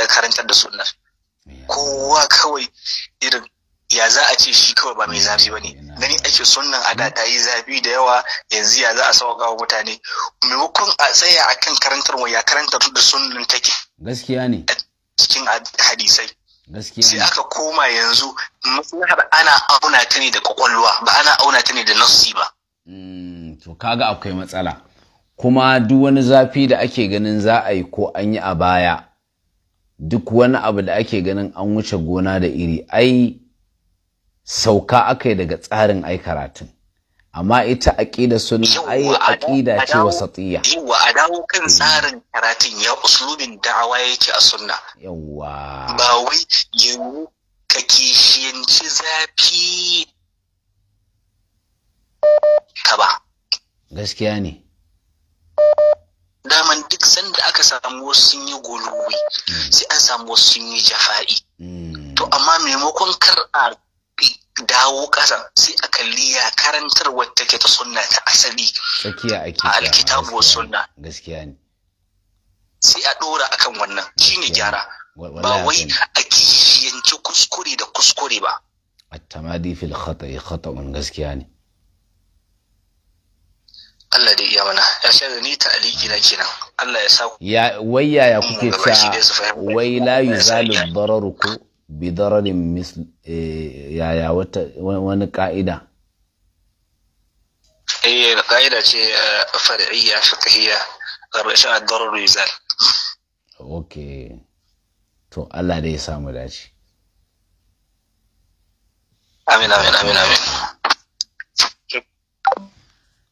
karantar da sunnar kowa kawai irin ya za a ce shi kawai ba mai zafi ba ne gani ake sunan a da tayi yi zafi da yawa yanzu ya za a sauka wa mutane maimakon a tsaya a kan karantar ya karantar da sunan take gaskiya ne cikin hadisai sai aka koma yanzu maslahar ana auna ta ne da kwakwalwa ba ana auna ta ne da nassi ba mm, to kaga akwai matsala kuma duk wani zafi da ake ganin za a yi ko an yi a baya duk wani abu da ake ganin an wuce gona da iri ai sauka aka yi daga tsarin ai karatun amma ita aqida sunna ai aqida ce wasatiyya yawa a dawo kan mm. tsarin karatun ya uslubin da'awa yake a sunna yawa ba wai yau ka kishiyanci zafi ka ba gaskiya ne daman duk sanda aka samu wasu sun yi guluwi mm. sai an samu wasu sun yi jafa'i mm. to amma maimakon kar a dawo ƙasa sai a kalli ya karantar karantarwar take ta sunna ta asali a alkitabu wa sunna gaskiya ne sai a ɗora akan wannan shine gyara ba wai a kishiyanci kuskure da kuskure ba التمادي في الخطأ خطأ gaskiya ne. Allah da iya mana ya sha da ni ta'aliki na kenan Allah ya sa ya wai yaya kuke ta wai la yuzalu dararuku bidararin eh, yaya wani ka'ida eh ka'ida ce eh, far'iyya fiqhiyya karkashin ad-darar rizal Ok, to Allah dai ya samu dace amin amin amin amin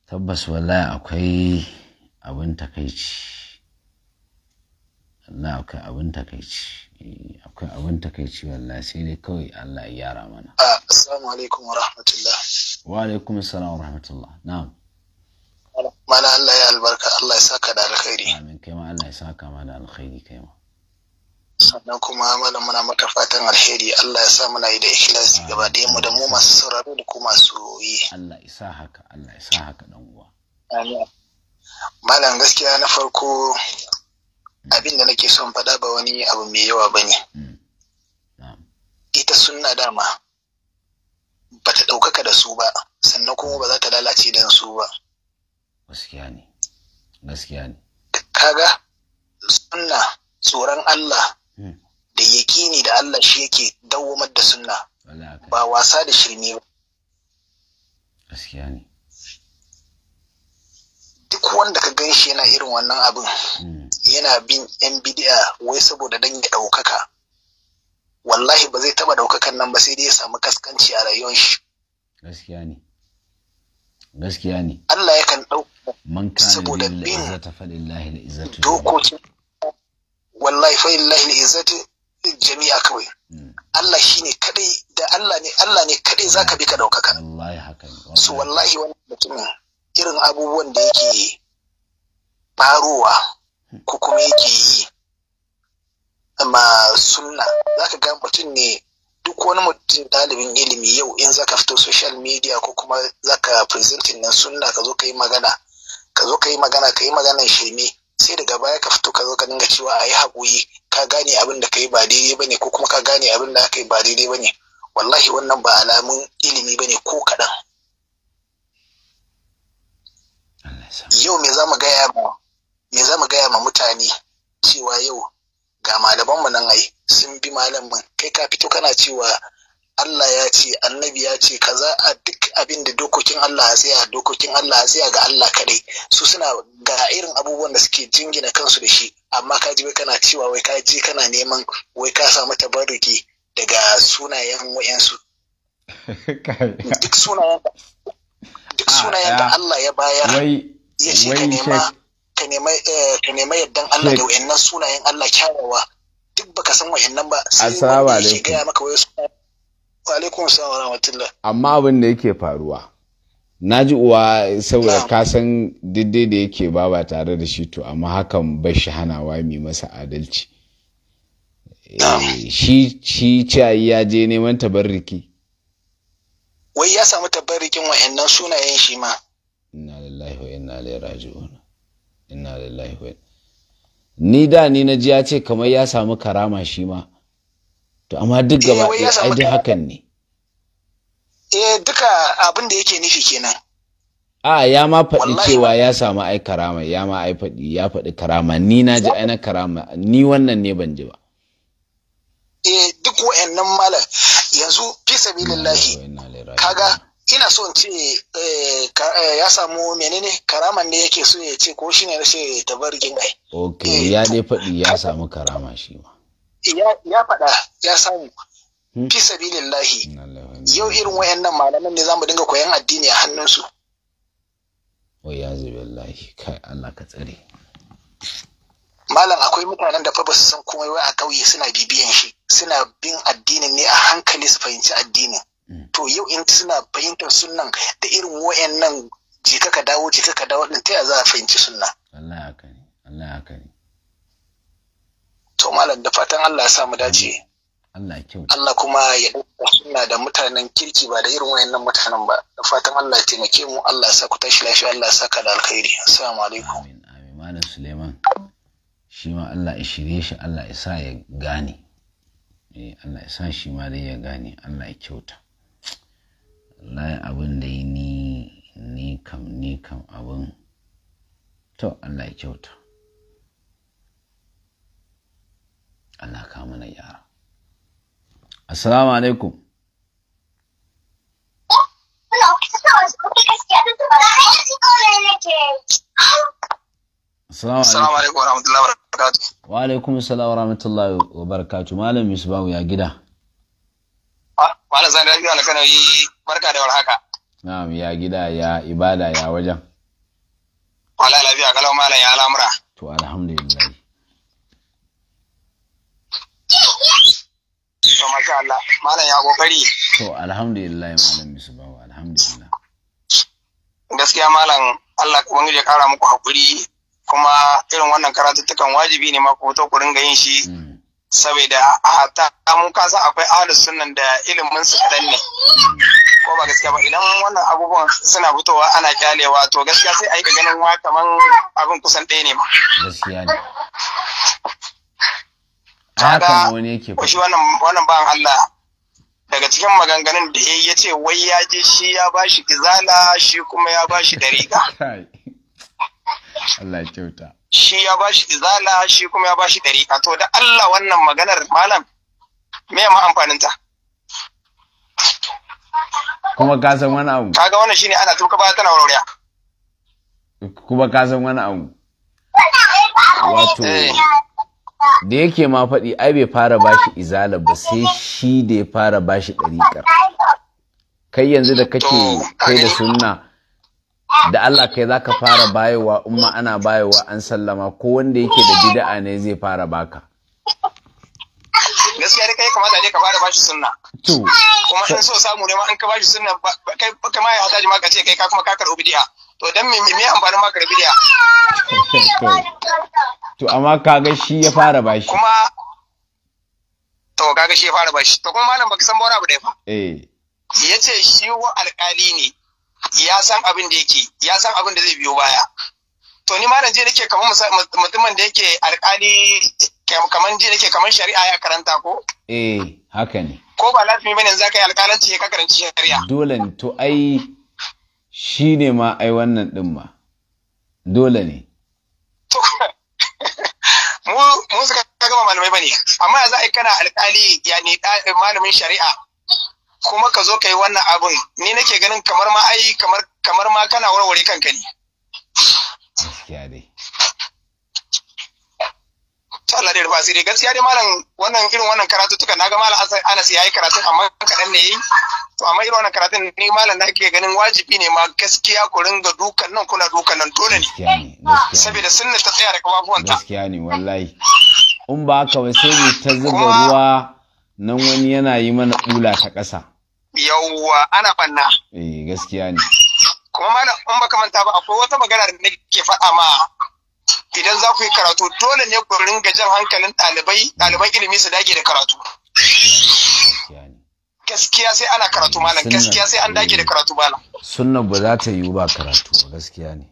tabbas wallahi akwai abin takaici Allah akwai abin takaici eh, akwai abin takaici wallahi sai dai kawai Allah ya yara mana ah, assalamu alaikum wa rahmatullah wa alaikum assalam wa rahmatullah na'am mana Allah ya albarka Allah ya saka da alkhairi amin kai ma Allah ya saka mana da alkhairi kai ma sannan kuma malam muna maka fatan alheri Allah ya sa muna yi da ikhlasi gaba da mu da mu masu sauraro da kuma su yi Allah ya sa haka Allah ya sa haka dan uwa amin malam gaskiya na farko abin da nake son faɗa ba wani abu mai yawa ba ne hmm. ita sunna dama ba ta ɗaukaka da su ba sannan kuma ba za ta lalace da su ba gaskiya ne gaskiya ne kaga sunna tsoron Allah hmm. da yakini da Allah shi yake dawwamar da sunna ba wasa da shirme ba gaskiya ne duk wanda ka gan shi yana irin wannan abin hmm. yana bin yan bidiya wai saboda dan ya ɗaukaka wallahi ba zai taɓa ɗaukakan nan ba sai dai ya samu kaskanci a rayuwar shi gaskiya ne gaskiya ne Allah yakan ɗauka saboda bin dokokin wallahi fa illahi izzati jami'a kawai hmm. Allah shi ne kadai da Allah ne Allah ne kadai zaka bi ka ɗaukaka wallahi haka ne so wallahi wannan mutumin irin abubuwan da yake faruwa ko kuma yake yi amma sunna zaka ga mutum ne duk wani mutum dalibin ilimi yau in zaka fito social media ko kuma zaka presenting na sunna ka zo ka yi magana ka zo ka yi magana ka yi maganan shirme sai daga baya ka fito ka zo ka dinga cewa a yi haƙuri ka gane abin da ka yi ba daidai ba ne ko kuma ka gane abin da aka yi ba daidai ba ne wallahi wannan ba alamun ilimi ba ne ko kaɗan yau me za mu gaya ma me za mu gaya ma mutane cewa yau ga malamanmu nan ai sun bi malamin kai ka fito kana cewa Allah ya ce annabi ya ce kaza a duk abin da dokokin Allah ya tsaya dokokin Allah ya tsaya ga Allah kadai su suna ga irin abubuwan da suke jingina kansu da shi amma ka ji wai kana cewa wai ka ji kana neman wai ka samu tabarruki daga sunayen wayansu duk sunayen da ah, Allah ya bayar ya ce ka nema ka nema eh, yaddan Allah da wayannan sunayen Allah kyawawa duk baka san wayannan ba assalamu alaikum wa alaikum assalam wa rahmatullah amma abin da yake faruwa na ji uwa saboda ka san diddai da yake ba ba tare da shi to amma hakan ba shi hanawa mai masa adalci eh, shi shi ciyayi ya je neman tabarriki wai ya samu tabarrikin wayannan sunayen shi ma inna lillahi wa inna ilaihi raji'un inna lillahi wa ni da ni na ji ya ce kamar ya samu karama shi ma to amma duk gaba eh, ɗaya ai duk hakan ne eh duka abin da yake nufi kenan a ya ma faɗi cewa ya samu ai karama ya ma ai faɗi ya faɗi karama ni na ji ai na karama ni wannan ne ban ji ba eh duk wa'annan malam yanzu fi sabilillahi kaga ina so in ce eh, eh, ya samu menene karaman ne yake so ya ce ko shine rashin tabargin ai okay eh, ya dai faɗi ya samu karama shi ma ya faɗa ya samu hmm? fi sabilillahi yau irin wayannan malaman ne zamu dinga koyan addini a hannunsu wa ya zubillahi kai Allah ka tsare malam akwai mutanen da fa ba su san komai wai a ƙauye suna bibiyan shi suna bin addinin ne a hankali su fahimci addinin Mm. to yau in suna fahimtar sunnan da irin nan jika ka dawo jika ka dawo din ta za a fahimci sunna Allah ya ne Allah to malam da fatan Allah ya sa mu dace Allah kyau Allah kuma ya dauka sunna da mutanen kirki ba da irin wayannan mutanen ba da fatan Allah ya taimake mu Allah ya sa ku tashi lafiya Allah ya sa ka da alkhairi assalamu alaikum amin amin malam Suleiman shi ma Allah ya shirye shi Allah ya sa ya gane eh Allah ya sa shi ma dai ya gane Allah ya kyauta wallahi abin da yi ni ni kam ni kam abin to Allah ya kyauta Allah ka mana yara assalamu alaikum Assalamu alaikum wa rahmatullahi Wa Wa alaikum wa rahmatullahi wa barakatu, Malam Yusuf ya gida. Malam Sani kana yi barka da warhaka. Na'am ya gida ya ibada ya wajen. Wala lafiya kalau malam ya al'amura. To alhamdulillah. To masha Allah malam ya kokari. To alhamdulillah malam Misbahu alhamdulillah. Gaskiya malam Allah ubangiji ya kara muku hakuri kuma irin wannan karatuttukan wajibi ne ma ku to ku ringa yin shi. Mm. saboda a ah, ta mun kasa akwai ahlus sunnan da ilimin su kadan ne ko ba gaskiya ba idan wannan abubuwan suna fitowa ana kyalewa to gaskiya sai a yi ganin wa kamar abin kusan ɗaya ne ma gaskiya ne haka wani yake ko shi wannan wannan ban Allah daga cikin maganganun da yayi yace wai ya je shi ya bashi izala shi kuma ya bashi dariga Allah ya kyauta shi ya bashi izala shi kuma ya bashi A to da Allah wannan maganar malam me ma amfaninta kuma ka san wani abu kaga wannan shine ana tuka baya tana warwariya kuma ka san wani abu wato eh. da yake ma faɗi ai bai fara bashi izala ba sai shi da ya fara bashi ɗariƙar kai yanzu da kake kai da sunna da Allah kai zaka fara bayowa umma ana bayowa an sallama ko wanda yake da bid'a ne zai fara baka gaskiya dai kai kamata dai ka fara bashi sunna to kuma in so samu ne ma in ka bashi sunna kai kai ma ya ji ma ka ce kai ka kuma ka karbi bid'a to dan me me amfanin ma karbi bid'a to amma kaga shi ya fara bashi kuma to kaga shi ya fara bashi to kuma malam baka san bora wani abu da ya fa eh yace shi wa alƙali ne ya san abin da yake ya san abin da zai biyo baya to ni ma je nake kamar mutumin da yake alƙali kamar je nake kamar shari'a ya karanta ko eh haka ne ko ba lafi bane za ka yi alƙalanci ka karanci shari'a dole ne to ai shi ne ma ai wannan din ma dole ne mu mu suka gama malamai bane amma za a yi kana alƙali yani malamin shari'a kuma ka zo ka yi wannan abin ni nake ganin kamar ma ai kamar kamar ma kana warware kanka ne gaskiya dai ta Allah da ba asiri gaskiya dai malam wannan irin wannan karatu tuka naga malam Anas yayi karatu amma kadan ne yi to amma irin wannan karatun ni malam da ke ganin wajibi ne ma gaskiya ku ringa dukan nan kuna dukan nan dole ne saboda sunna ta tsaya da kafafuwanta gaskiya ne wallahi in ba haka ba sai ta zuba ruwa nan wani yana yi mana ɓula ta ƙasa yawwa ana banna eh gaskiya ne kuma ma in baka manta ba akwai wata magana da nake faɗa ma idan za ku yi karatu dole ne ku ringa jan hankalin ɗalibai ɗaliban ilimi su dage da karatu gaskiya sai ana karatu malam gaskiya sai an dage da eh, karatu malam sunna ba za ta yiwu ba karatu gaskiya ne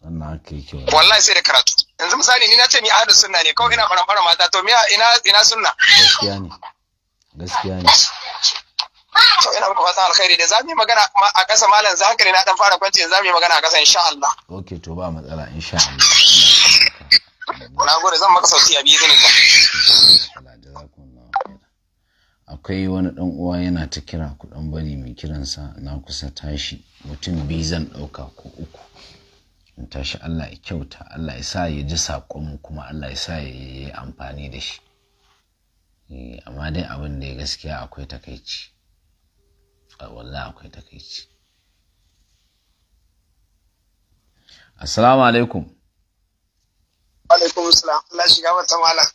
wannan haka yake wallahi sai da karatu yanzu misali ni na ce ni ahadu sunna ne kawai ina faramfara mata to ina ina sunna gaskiya ne gaskiya ne to ina muku fatan alkhairi da zamu yi magana a ƙasa malam zakari na dan fara kwanci zamu yi magana a ƙasa insha Allah okay to ba matsala insha Allah na gode zan maka sauti a biyu zan akwai wani dan uwa yana ta kira ku dan bari mai kiransa na kusa tashi mutum biyu zan dauka ko uku in tashi Allah ya kyauta Allah ya sa ya ji saƙonmu kuma Allah ya sa ya yi amfani da shi eh, amma dai abin da ya gaskiya akwai takaici Ah, wallah akwai takaici assalamu alaikum alaikum assalam Allah shiga wata malam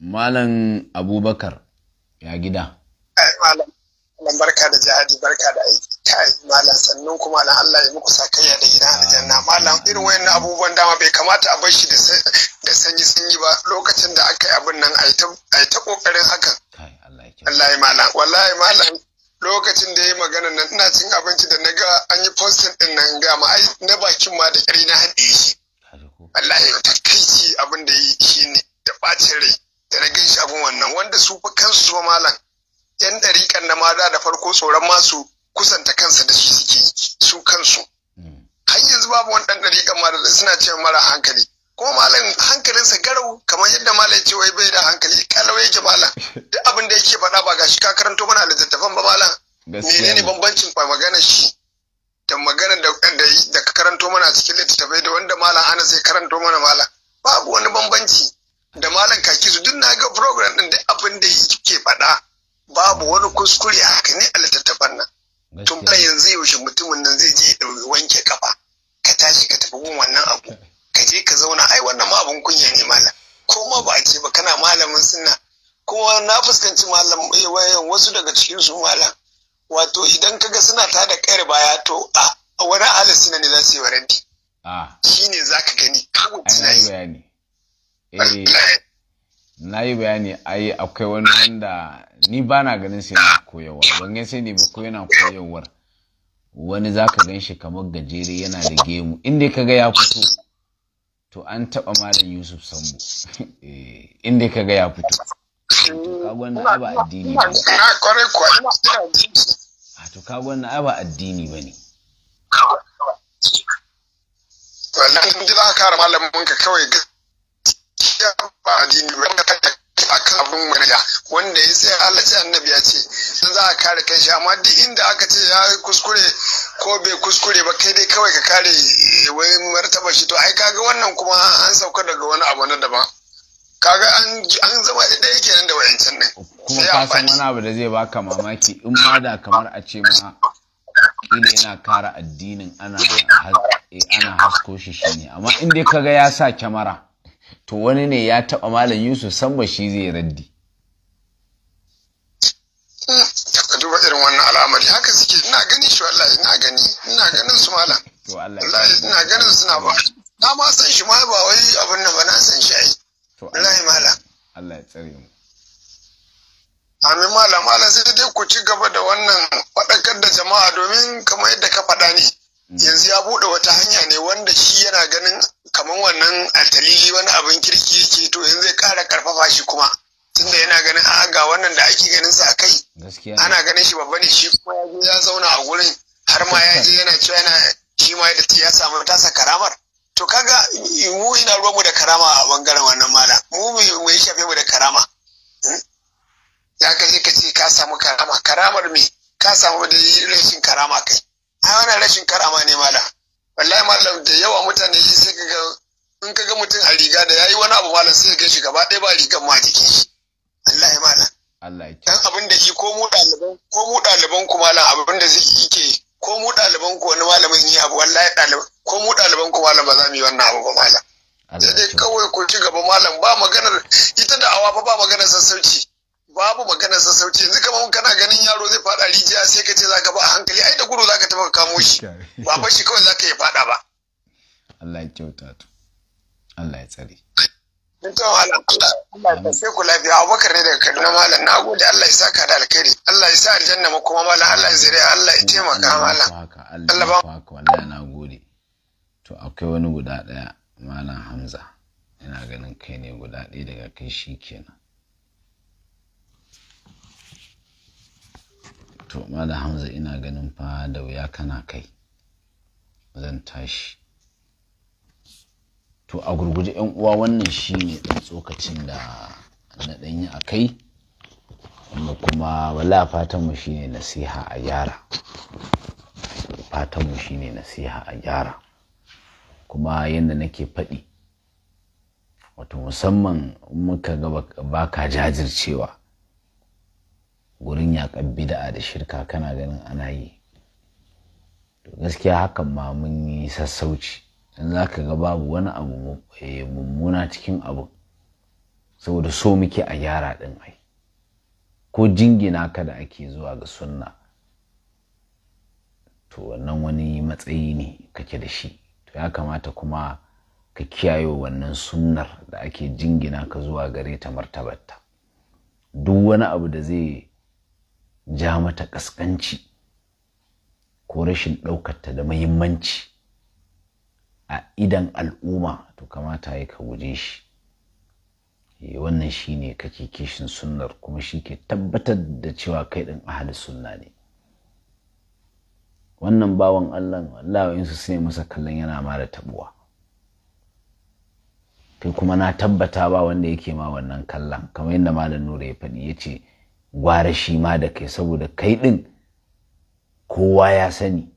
malam abubakar ya gida eh, malam barka da jihadi barka da aiki kai malam sannan kuma na Allah ya muku sakayya da gida gidan janna. malam irin wayannan abubuwan dama bai kamata a bar shi da sanyi sanyi ba lokacin da aka yi abin nan a yi ta kokarin hakan Allah ya malam wallahi malam lokacin da ya yi magana nan ina cin abinci da na ga an yi postin din nan ga ma na bakin ma da kyari na haɗe shi Allah ta kai shi abin da yi shi ne da ɓacin rai da na ganshi abin wannan wanda su fa kansu su malam yan ɗariƙan na mada da farko tsoron masu kusanta kansa da su suke su kansu hmm. har yanzu babu wani ɗan ɗariƙan mada suna ce mara hankali ko malam hankalinsa garau kamar yadda malam ce wai bai da hankali kalau yake malam duk abin da yake faɗa ba gashi ka karanto mana littattafan ba malam menene bambancin ba magana shi da magana da ka karanto mana cikin littattafai da wanda malam ana sai karanto mana malam babu wani bambanci da malam kaki su duk na ga program din duk abin da yake faɗa babu wani kuskure a haka ne a littattafan nan tun yanzu yaushe mutumin nan zai je ya wanke kafa ka tashi ka tafi wannan abu ka je ka zauna ai wannan ma abin kunya ne malam ko ma ba a ce ba kana malamin sunna kuma na fuskanci malam eh, wasu daga cikin su malam wato idan kaga suna ta da kayar baya to a wani halin ne za su yi waranti ne za ka gani kawai eh, na yi bayani ai akwai wani wanda ni ba na ganin sai na koyarwa ban gan sai ne ba ko yana koyarwar wani za ka gan shi kamar gajere yana da gemu inda ka ga ya fito to an taɓa malam yusuf sambo eh, inda ka ga ya fito ka gwanna ai ba addini ba a to ka gwanna ai ba addini ba ne ah, wannan ji za ka kare malamin ka kawai gaskiya ba addini ba akan abin murya wanda ya sai halarci annabi ya ce dan za a kare kai shi amma duk inda aka ce ya kuskure ko bai kuskure ba kai dai kawai ka kare eh, wai martaba shi to ai kaga wannan kuma an sauka daga wani abu na daban kaga an zama idan yake nan da wayancan ne kuma ka san wani abu da zai baka mamaki in ma da kamar a ce ma kila yana kara addinin eh, ana hasko shi shine amma in dai kaga ya sa kyamara to wani ne ya taɓa malam yusuf samba shi zai raddi ka duba irin wannan al'amari haka suke ina gani shi wallahi ina gani ina ganin su malam wallahi ina ganin suna ba na ma san shi ma ba wai abin nan ba na san shi ai wallahi malam Allah ya tsare mu amin malam malam sai dai ku ci gaba da wannan faɗakar da jama'a domin kamar yadda ka faɗa ne Mm. yanzu ya buɗe wata hanya ne wanda shi yana ganin kamar wannan altalili wani abin kirki yake to yanzu zai ƙara ƙarfafa shi kuma tunda yana ganin a ga wannan da ake ganin sa kai ana ganin shi babba ne shi kuma ya je ya zauna a gurin har ma ya je yana cewa yana shi ma ya samu tasa karamar to kaga mu ina ruwan mu da karama a bangaren wannan mala mu mu yi shafe mu da karama hmm? ya kaje ka ce ka samu karama karamar me ka samu da rashin karama kai ai wannan rashin karama ne malam wallahi malam da yawa mutane yi sai kaga in kaga mutum a riga da yayi wani abu malam sai ka shi gaba ɗaya ba rigan ma jiki shi wallahi malam Allah ya dan abin da shi ko mu ɗaliban ko mu ɗaliban ku malam abin da zai yake ko mu ɗaliban ku wani malamin yi abu wallahi ɗaliban ko mu ɗaliban ku malam ba za mu yi wannan abu ba malam sai dai kawai ku ci gaba malam ba maganar ita da awa fa ba maganar sassauci babu maganar sassauci yanzu kamar kana ganin yaro zai fada rijiya sai ka ce za ka ba a hankali ai da gudu za ka taɓa kamo shi ba ba shi kawai za ka yi fada ba Allah ya kyauta to Allah ya tsare Mun ta wahala Allah ya sai ku lafiya Abubakar ne daga Kaduna malam na gode Allah ya saka da alkhairi Allah ya sa aljanna mu kuma malam Allah ya zire Allah ya taimaka malam Allah ba haka wallahi na gode to akwai wani guda daya malam Hamza ina ganin kai ne guda ɗaya daga kai shi kenan to mala hamza ina ganin fa da wuya kana kai zan tashi to a gurguje yan uwa wannan shi ne ɗan tsokacin da na ɗan yi a kai amma kuma wala fatanmu shi ne nasiha a gyara fatanmu shi ne nasiha a gyara kuma yadda nake faɗi wato musamman muka ga baka jajircewa gurin ya bida'a da shirka kana ganin ana yi to gaskiya hakan ma mun yi sassauci in za ka ga babu wani abu eh, mummuna cikin abu saboda so muke a gyara ɗin ai ko jingina ka da ake zuwa ga sunna to wannan wani matsayi ne kake da shi to ya kamata kuma ka kiyaye wannan sunnar da ake jingina ka zuwa gare ta martabarta duk wani abu da zai ja mata ƙasƙanci ko rashin ɗaukarta da muhimmanci a idan al'umma to kamata ya ka guje shi eh, wannan shi ne kake kishin sunnar kuma shi ke tabbatar da cewa kai ɗin ahli sunna ne wannan bawan allah wallahi su sai masa kallon yana ma da tabuwa kai kuma na tabbata ba wanda yake ma wannan kallon kamar yadda malam nura ya faɗi ya ce gwara shi ma da kai saboda kai ɗin kowa ya sani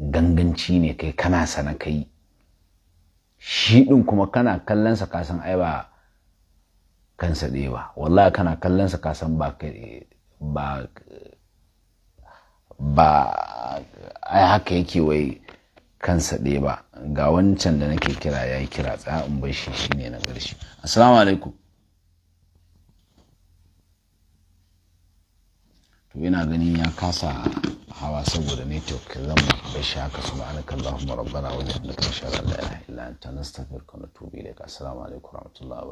ganganci ne kai kana sana kai shi ɗin kuma kana kallonsa kasan ai ba kansa ɗaya ba wallahi kana kallonsa kasan ba ba ba ai haka yake wai kansa ɗaya ba ga wancan da nake kira ya yi kira tsaya in bai shi shine na ƙarshe assalamu alaikum to ina ganin ya kasa hawa saboda network zan bai shi haka subhanaka allahumma rabbana wa bihamdika ashhadu an la ta illa anta na wa natubu ilayk assalamu alaikum warahmatullahi